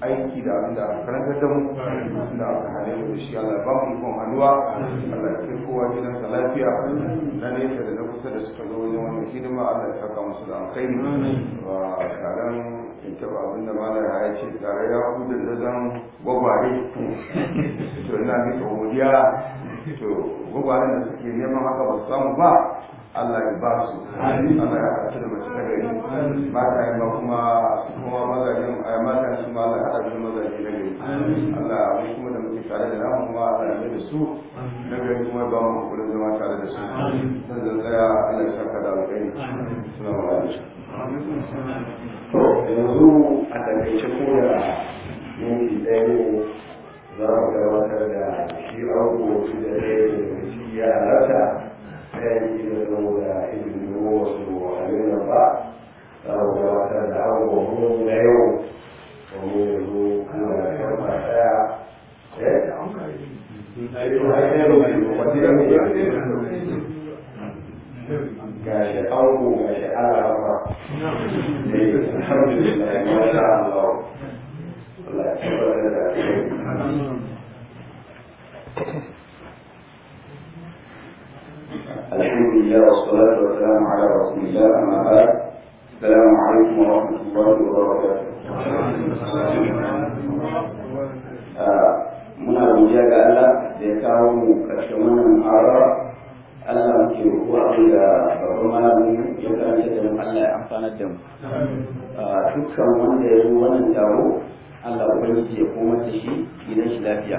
A: aiki da abin da aka karanta da mu da aka hane mu da shi Allah ba mu ikon hannuwa Allah ya kowa gidan gidansa lafiya na nesa da na kusa da suka zo wajen wannan hidima Allah ya saka musu da alkhairi wa taron kyakkyawa abin da malar ya ce tare ya ku da zazan gwagware to ina mika godiya to gwagwaren da suke neman haka ba su samu ba Allah ya ba su Allah ya haɗa da mace ta gari mata ya ba kuma su kuma mazajen a eh, mata su ma Allah ya haɗa da mazaje na gari Allah mu kuma da muke tare da namu kuma Allah ya da su na gari kuma ba mu kula zama tare da su zan tsaya Allah ya saka da alƙairi salamu alaikum to yanzu a takaice ko da minti ɗaya ne za mu gabatar da shi an kotu da ɗaya ne da shi ya rasa aiki da da ilimi wasu halin nan ba saboda wata da abubuwan na yau domin yanzu ana da yan masaya ga shi ango ga shi alama da yi alhamdulillah masha Allah Allah ya ci da Thank الحمد لله والصلاة والسلام على رسول الله أما بعد السلام عليكم ورحمة الله وبركاته muna godiya ga Allah da ya kawo mu ƙarshen wannan arara Allah muke roƙo abin babban malamin ya da mu ya amfanar ah, dukkan wanda ya zo wannan taro Allah ubangiji ya komar da shi gidan shi lafiya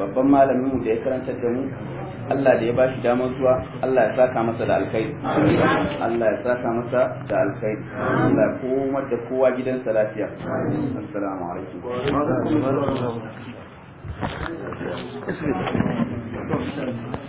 A: babban malamin mu da ya karanta da mu Allah da ya ba shi damar zuwa Allah ya saka masa da alkhairi Allah ya saka masa da alkhairi Allah ko komar da kowa gidansa lafiya assalamu alaikum
C: Thank you.